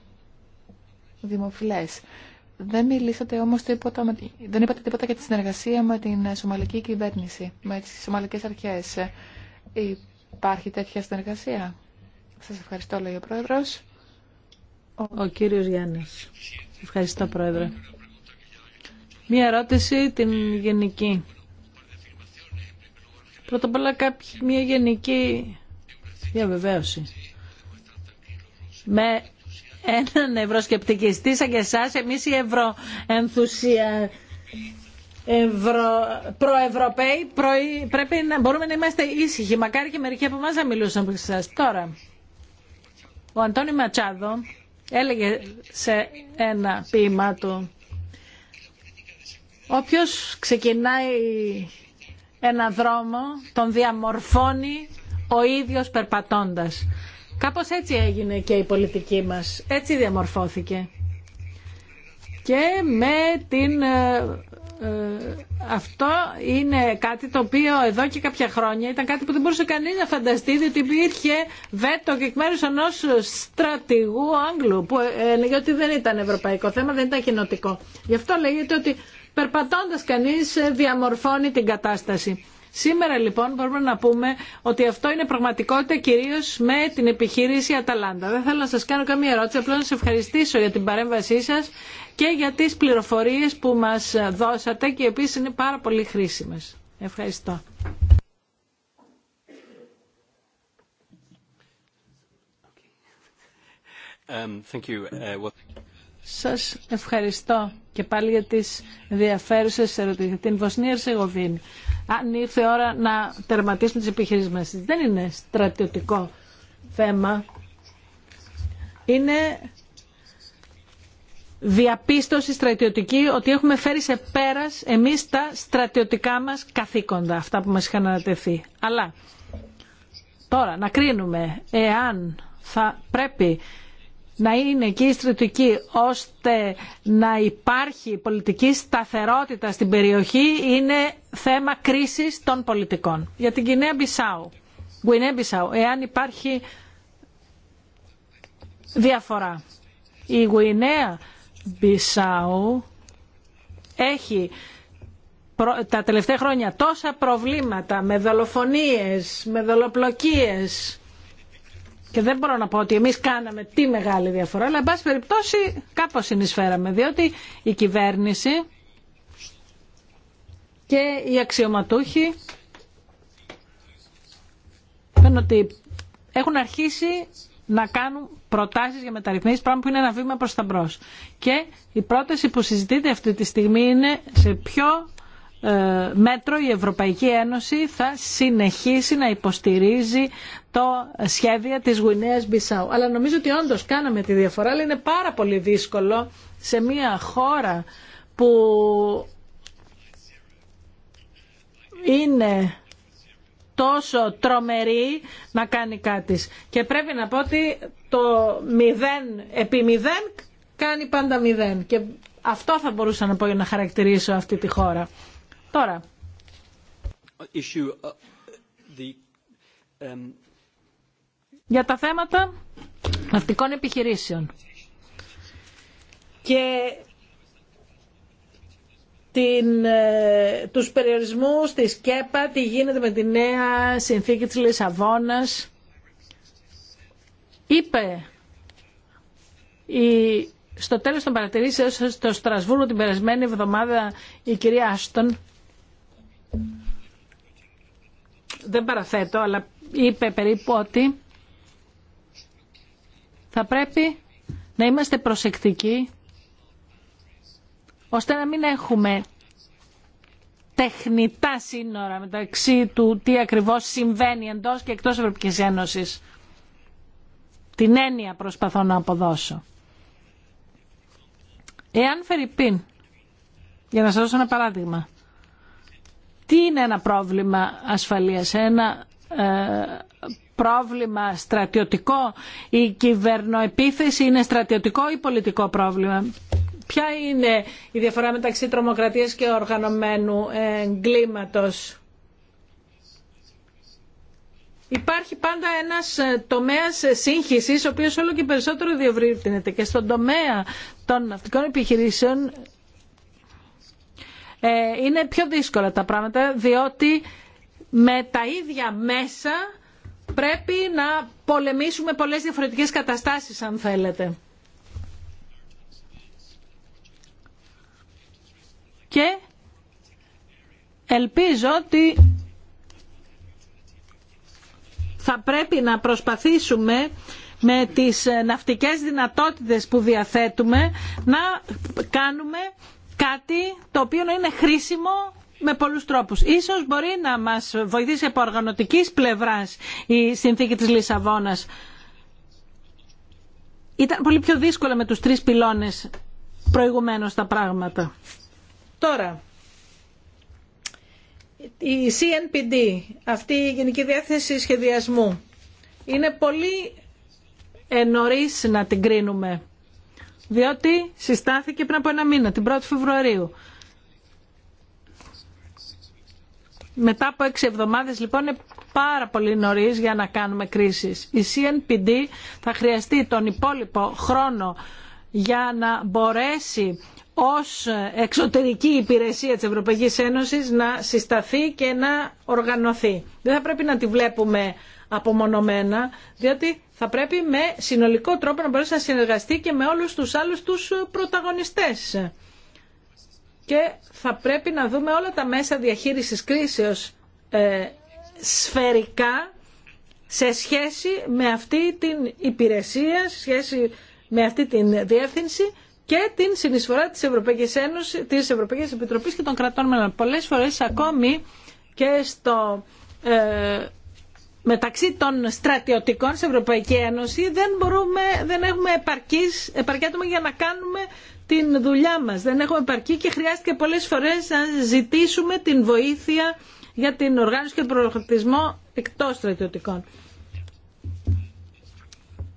Speaker 2: δημοφιλές. Δεν μιλήσατε όμως τίποτα, δεν είπατε τίποτα για τη συνεργασία με την σομαλική κυβέρνηση, με τις σομαλικές αρχέ. Υπάρχει τέτοια συνεργασία. Σας ευχαριστώ, λέει ο Πρόεδρος. Ο, κύριος Γιάννης.
Speaker 3: Ευχαριστώ, Πρόεδρε. Μία ερώτηση την γενική. Πρώτα απ' όλα μια γενική διαβεβαίωση. Με έναν ευρωσκεπτικιστή σαν και εσάς, εμείς οι ευρωενθουσια... Ευρω... προευρωπαίοι προ... πρέπει να μπορούμε να είμαστε ήσυχοι. Μακάρι και μερικοί από εμάς να μιλούσαν από εσάς. Τώρα, ο Αντώνη Ματσάδο έλεγε σε ένα ποίημα του όποιος ξεκινάει ένα δρόμο τον διαμορφώνει ο ίδιος περπατώντας. Κάπως έτσι έγινε και η πολιτική μας. Έτσι διαμορφώθηκε. Και με την... Ε, ε, αυτό είναι κάτι το οποίο εδώ και κάποια χρόνια ήταν κάτι που δεν μπορούσε κανείς να φανταστεί διότι υπήρχε βέτο και εκ μέρους ενός στρατηγού Άγγλου που ε, έλεγε ότι δεν ήταν ευρωπαϊκό θέμα, δεν ήταν κοινοτικό. Γι' αυτό λέγεται ότι περπατώντας κανείς διαμορφώνει την κατάσταση. Σήμερα λοιπόν μπορούμε να πούμε ότι αυτό είναι πραγματικότητα κυρίως με την επιχείρηση Αταλάντα. Δεν θέλω να σας κάνω καμία ερώτηση, απλώς να σας ευχαριστήσω για την παρέμβασή σας και για τις πληροφορίες που μας δώσατε και επίσης είναι πάρα πολύ χρήσιμες. Ευχαριστώ.
Speaker 4: Um, thank uh,
Speaker 3: Σας ευχαριστώ και πάλι για τις ενδιαφέρουσες ερωτήσεις. Την Βοσνία Ερσεγοβίνη αν ήρθε ώρα να τερματίσουμε τις επιχειρήσεις μας. Δεν είναι στρατιωτικό θέμα. Είναι διαπίστωση στρατιωτική ότι έχουμε φέρει σε πέρας εμείς τα στρατιωτικά μας καθήκοντα, αυτά που μας είχαν ανατεθεί. Αλλά τώρα να κρίνουμε εάν θα πρέπει να είναι εκεί η στρατηγική ώστε να υπάρχει πολιτική σταθερότητα στην περιοχή είναι θέμα κρίσης των πολιτικών. Για την Κινέα Μπισάου, Γουινέα Μπισάου, εάν υπάρχει διαφορά. Η Γουινέα Μπισάου έχει τα τελευταία χρόνια τόσα προβλήματα με δολοφονίες, με δολοπλοκίες και δεν μπορώ να πω ότι εμείς κάναμε τι μεγάλη διαφορά, αλλά εν πάση περιπτώσει κάπως συνεισφέραμε, διότι η κυβέρνηση και οι αξιωματούχοι ότι έχουν αρχίσει να κάνουν προτάσεις για μεταρρυθμίσεις, πράγμα που είναι ένα βήμα προς τα μπρος. Και η πρόταση που συζητείται αυτή τη στιγμή είναι σε ποιο ε, μέτρο η Ευρωπαϊκή Ένωση θα συνεχίσει να υποστηρίζει το σχέδιο της Γουινέας Μπισάου. Αλλά νομίζω ότι όντως κάναμε τη διαφορά, αλλά είναι πάρα πολύ δύσκολο σε μια χώρα που είναι τόσο τρομερή να κάνει κάτι. Και πρέπει να πω ότι το μηδέν επί μηδέν κάνει πάντα μηδέν. Και αυτό θα μπορούσα να πω για να χαρακτηρίσω αυτή τη χώρα. Τώρα.
Speaker 4: Issue, uh, um,
Speaker 3: Για τα θέματα ναυτικών επιχειρήσεων και την, ε, τους περιορισμούς της ΚΕΠΑ, τι γίνεται με τη νέα συνθήκη της Λισαβόνας. Είπε η, στο τέλος των παρατηρήσεων στο Στρασβούργο την περασμένη εβδομάδα η κυρία Άστον δεν παραθέτω, αλλά είπε περίπου ότι θα πρέπει να είμαστε προσεκτικοί ώστε να μην έχουμε τεχνητά σύνορα μεταξύ του τι ακριβώς συμβαίνει εντός και εκτός Ευρωπαϊκής Ένωσης. Την έννοια προσπαθώ να αποδώσω. Εάν Φερρυπίν, για να σας δώσω ένα παράδειγμα, τι είναι ένα πρόβλημα ασφαλείας, ένα ε, πρόβλημα στρατιωτικό, η κυβερνοεπίθεση είναι στρατιωτικό ή πολιτικό πρόβλημα. Ποια είναι η διαφορά μεταξύ τρομοκρατίας και οργανωμένου εγκλήματος. Υπάρχει πάντα ένας ε, τομέας ε, σύγχυσης, ο οποίος όλο και περισσότερο διευρύνεται. Και στον τομέα των ναυτικών επιχειρήσεων ε, είναι πιο δύσκολα τα πράγματα διότι με τα ίδια μέσα πρέπει να πολεμήσουμε πολλές διαφορετικές καταστάσεις αν θέλετε. Και ελπίζω ότι θα πρέπει να προσπαθήσουμε με τις ναυτικές δυνατότητες που διαθέτουμε να κάνουμε κάτι το οποίο να είναι χρήσιμο με πολλούς τρόπους. Ίσως μπορεί να μας βοηθήσει από οργανωτικής πλευράς η συνθήκη της Λισαβόνας. Ήταν πολύ πιο δύσκολα με τους τρεις πυλώνες προηγουμένως τα πράγματα. Τώρα, η CNPD, αυτή η Γενική Διάθεση Σχεδιασμού, είναι πολύ ε, νωρίς να την κρίνουμε διότι συστάθηκε πριν από ένα μήνα, την 1η Φεβρουαρίου. Μετά από έξι εβδομάδες λοιπόν είναι πάρα πολύ νωρίς για να κάνουμε κρίσεις. Η CNPD θα χρειαστεί τον υπόλοιπο χρόνο για να μπορέσει ως εξωτερική υπηρεσία της Ευρωπαϊκής Ένωσης να συσταθεί και να οργανωθεί. Δεν θα πρέπει να τη βλέπουμε απομονωμένα, διότι θα πρέπει με συνολικό τρόπο να μπορέσει να συνεργαστεί και με όλους τους άλλους τους πρωταγωνιστές. Και θα πρέπει να δούμε όλα τα μέσα διαχείρισης κρίσεως ε, σφαιρικά σε σχέση με αυτή την υπηρεσία, σε σχέση με αυτή την διεύθυνση και την συνεισφορά της Ευρωπαϊκής Ένωσης, της Ευρωπαϊκής Επιτροπής και των κρατών μελών. Πολλές φορές ακόμη και στο ε, μεταξύ των στρατιωτικών στην Ευρωπαϊκή Ένωση δεν, έχουμε επαρκή άτομα για να κάνουμε την δουλειά μας. Δεν έχουμε επαρκή και χρειάστηκε πολλές φορές να ζητήσουμε την βοήθεια για την οργάνωση και προγραμματισμό εκτός στρατιωτικών.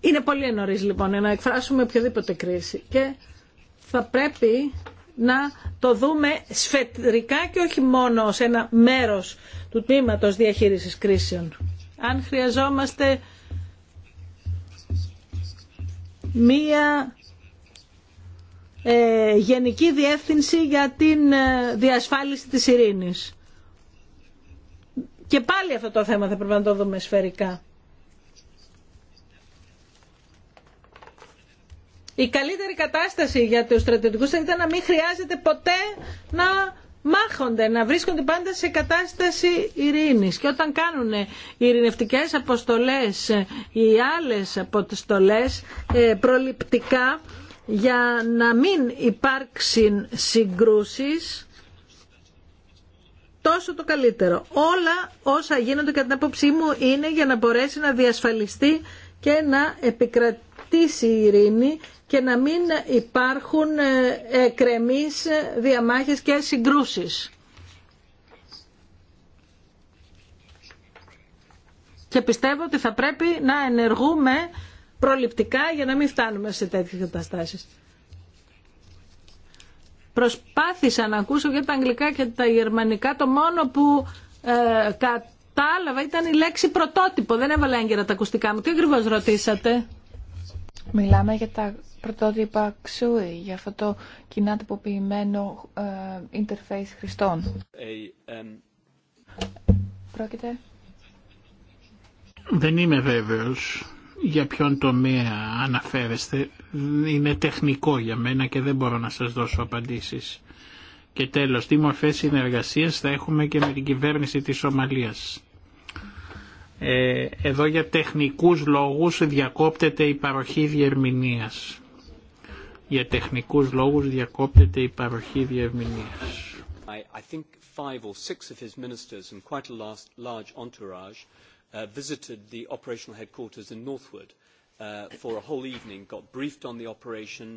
Speaker 3: Είναι πολύ νωρί λοιπόν να εκφράσουμε οποιοδήποτε κρίση και θα πρέπει να το δούμε σφαιρικά και όχι μόνο σε ένα μέρος του τμήματος διαχείρισης κρίσεων αν χρειαζόμαστε μία ε, γενική διεύθυνση για την ε, διασφάλιση της ειρήνης. Και πάλι αυτό το θέμα θα πρέπει να το δούμε σφαιρικά. Η καλύτερη κατάσταση για τους στρατιωτικούς θα ήταν να μην χρειάζεται ποτέ να μάχονται, να βρίσκονται πάντα σε κατάσταση ειρήνης. Και όταν κάνουν ειρηνευτικές αποστολές ή άλλες αποστολές ε, προληπτικά για να μην υπάρξουν συγκρούσεις, τόσο το καλύτερο. Όλα όσα γίνονται κατά την άποψή μου είναι για να μπορέσει να διασφαλιστεί και να επικρατήσει τη η ειρήνη και να μην υπάρχουν ε, εκρεμείς διαμάχες και συγκρούσεις. Και πιστεύω ότι θα πρέπει να ενεργούμε προληπτικά για να μην φτάνουμε σε τέτοιες καταστάσεις. Προσπάθησα να ακούσω και τα αγγλικά και τα γερμανικά. Το μόνο που ε, κατάλαβα ήταν η λέξη πρωτότυπο. Δεν έβαλα έγκαιρα τα ακουστικά μου. Τι ακριβώ ρωτήσατε.
Speaker 2: Μιλάμε για τα πρωτότυπα XUI, για αυτό το κοινά τυποποιημένο ε, interface χρηστών.
Speaker 4: Um,
Speaker 2: Πρόκειται.
Speaker 1: Δεν είμαι βέβαιος για ποιον τομέα αναφέρεστε. Είναι τεχνικό για μένα και δεν μπορώ να σας δώσω απαντήσεις. Και τέλος, τι μορφές συνεργασίας θα έχουμε και με την κυβέρνηση της Σομαλίας εδώ για τεχνικούς λόγους διακόπτεται η παροχή διερμηνίας. Για τεχνικούς λόγους διακόπτεται η παροχή διερμηνίας.
Speaker 4: I, think five or six of his ministers and quite a last large entourage visited the operational headquarters in Northwood for a whole evening, got briefed on the operation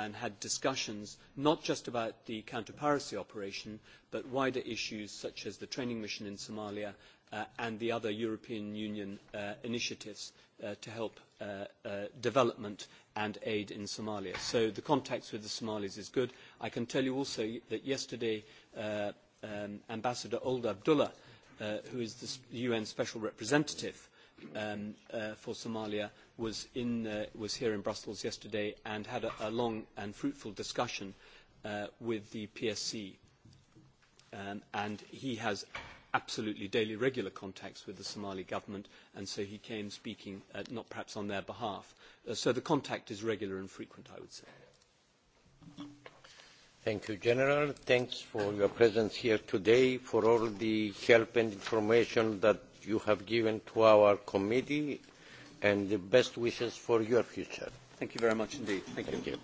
Speaker 4: and had discussions not just about the counter-piracy operation but wider issues such as the training mission in Somalia and the other European Union initiatives to help development and aid in Somalia. So the contacts with the Somalis is good. I can tell you also that yesterday Ambassador Old Abdullah, who is the UN Special Representative for Somalia, was here in Brussels yesterday and had a long and fruitful discussion with the PSC. And he has absolutely daily regular contacts with the Somali government, and so he came speaking, not perhaps on their behalf. So the contact is regular and frequent, I would say.
Speaker 1: Thank you, General. Thanks for your presence here today, for all the help and information that you have given to our committee, and the best wishes for your future. Thank you very much indeed.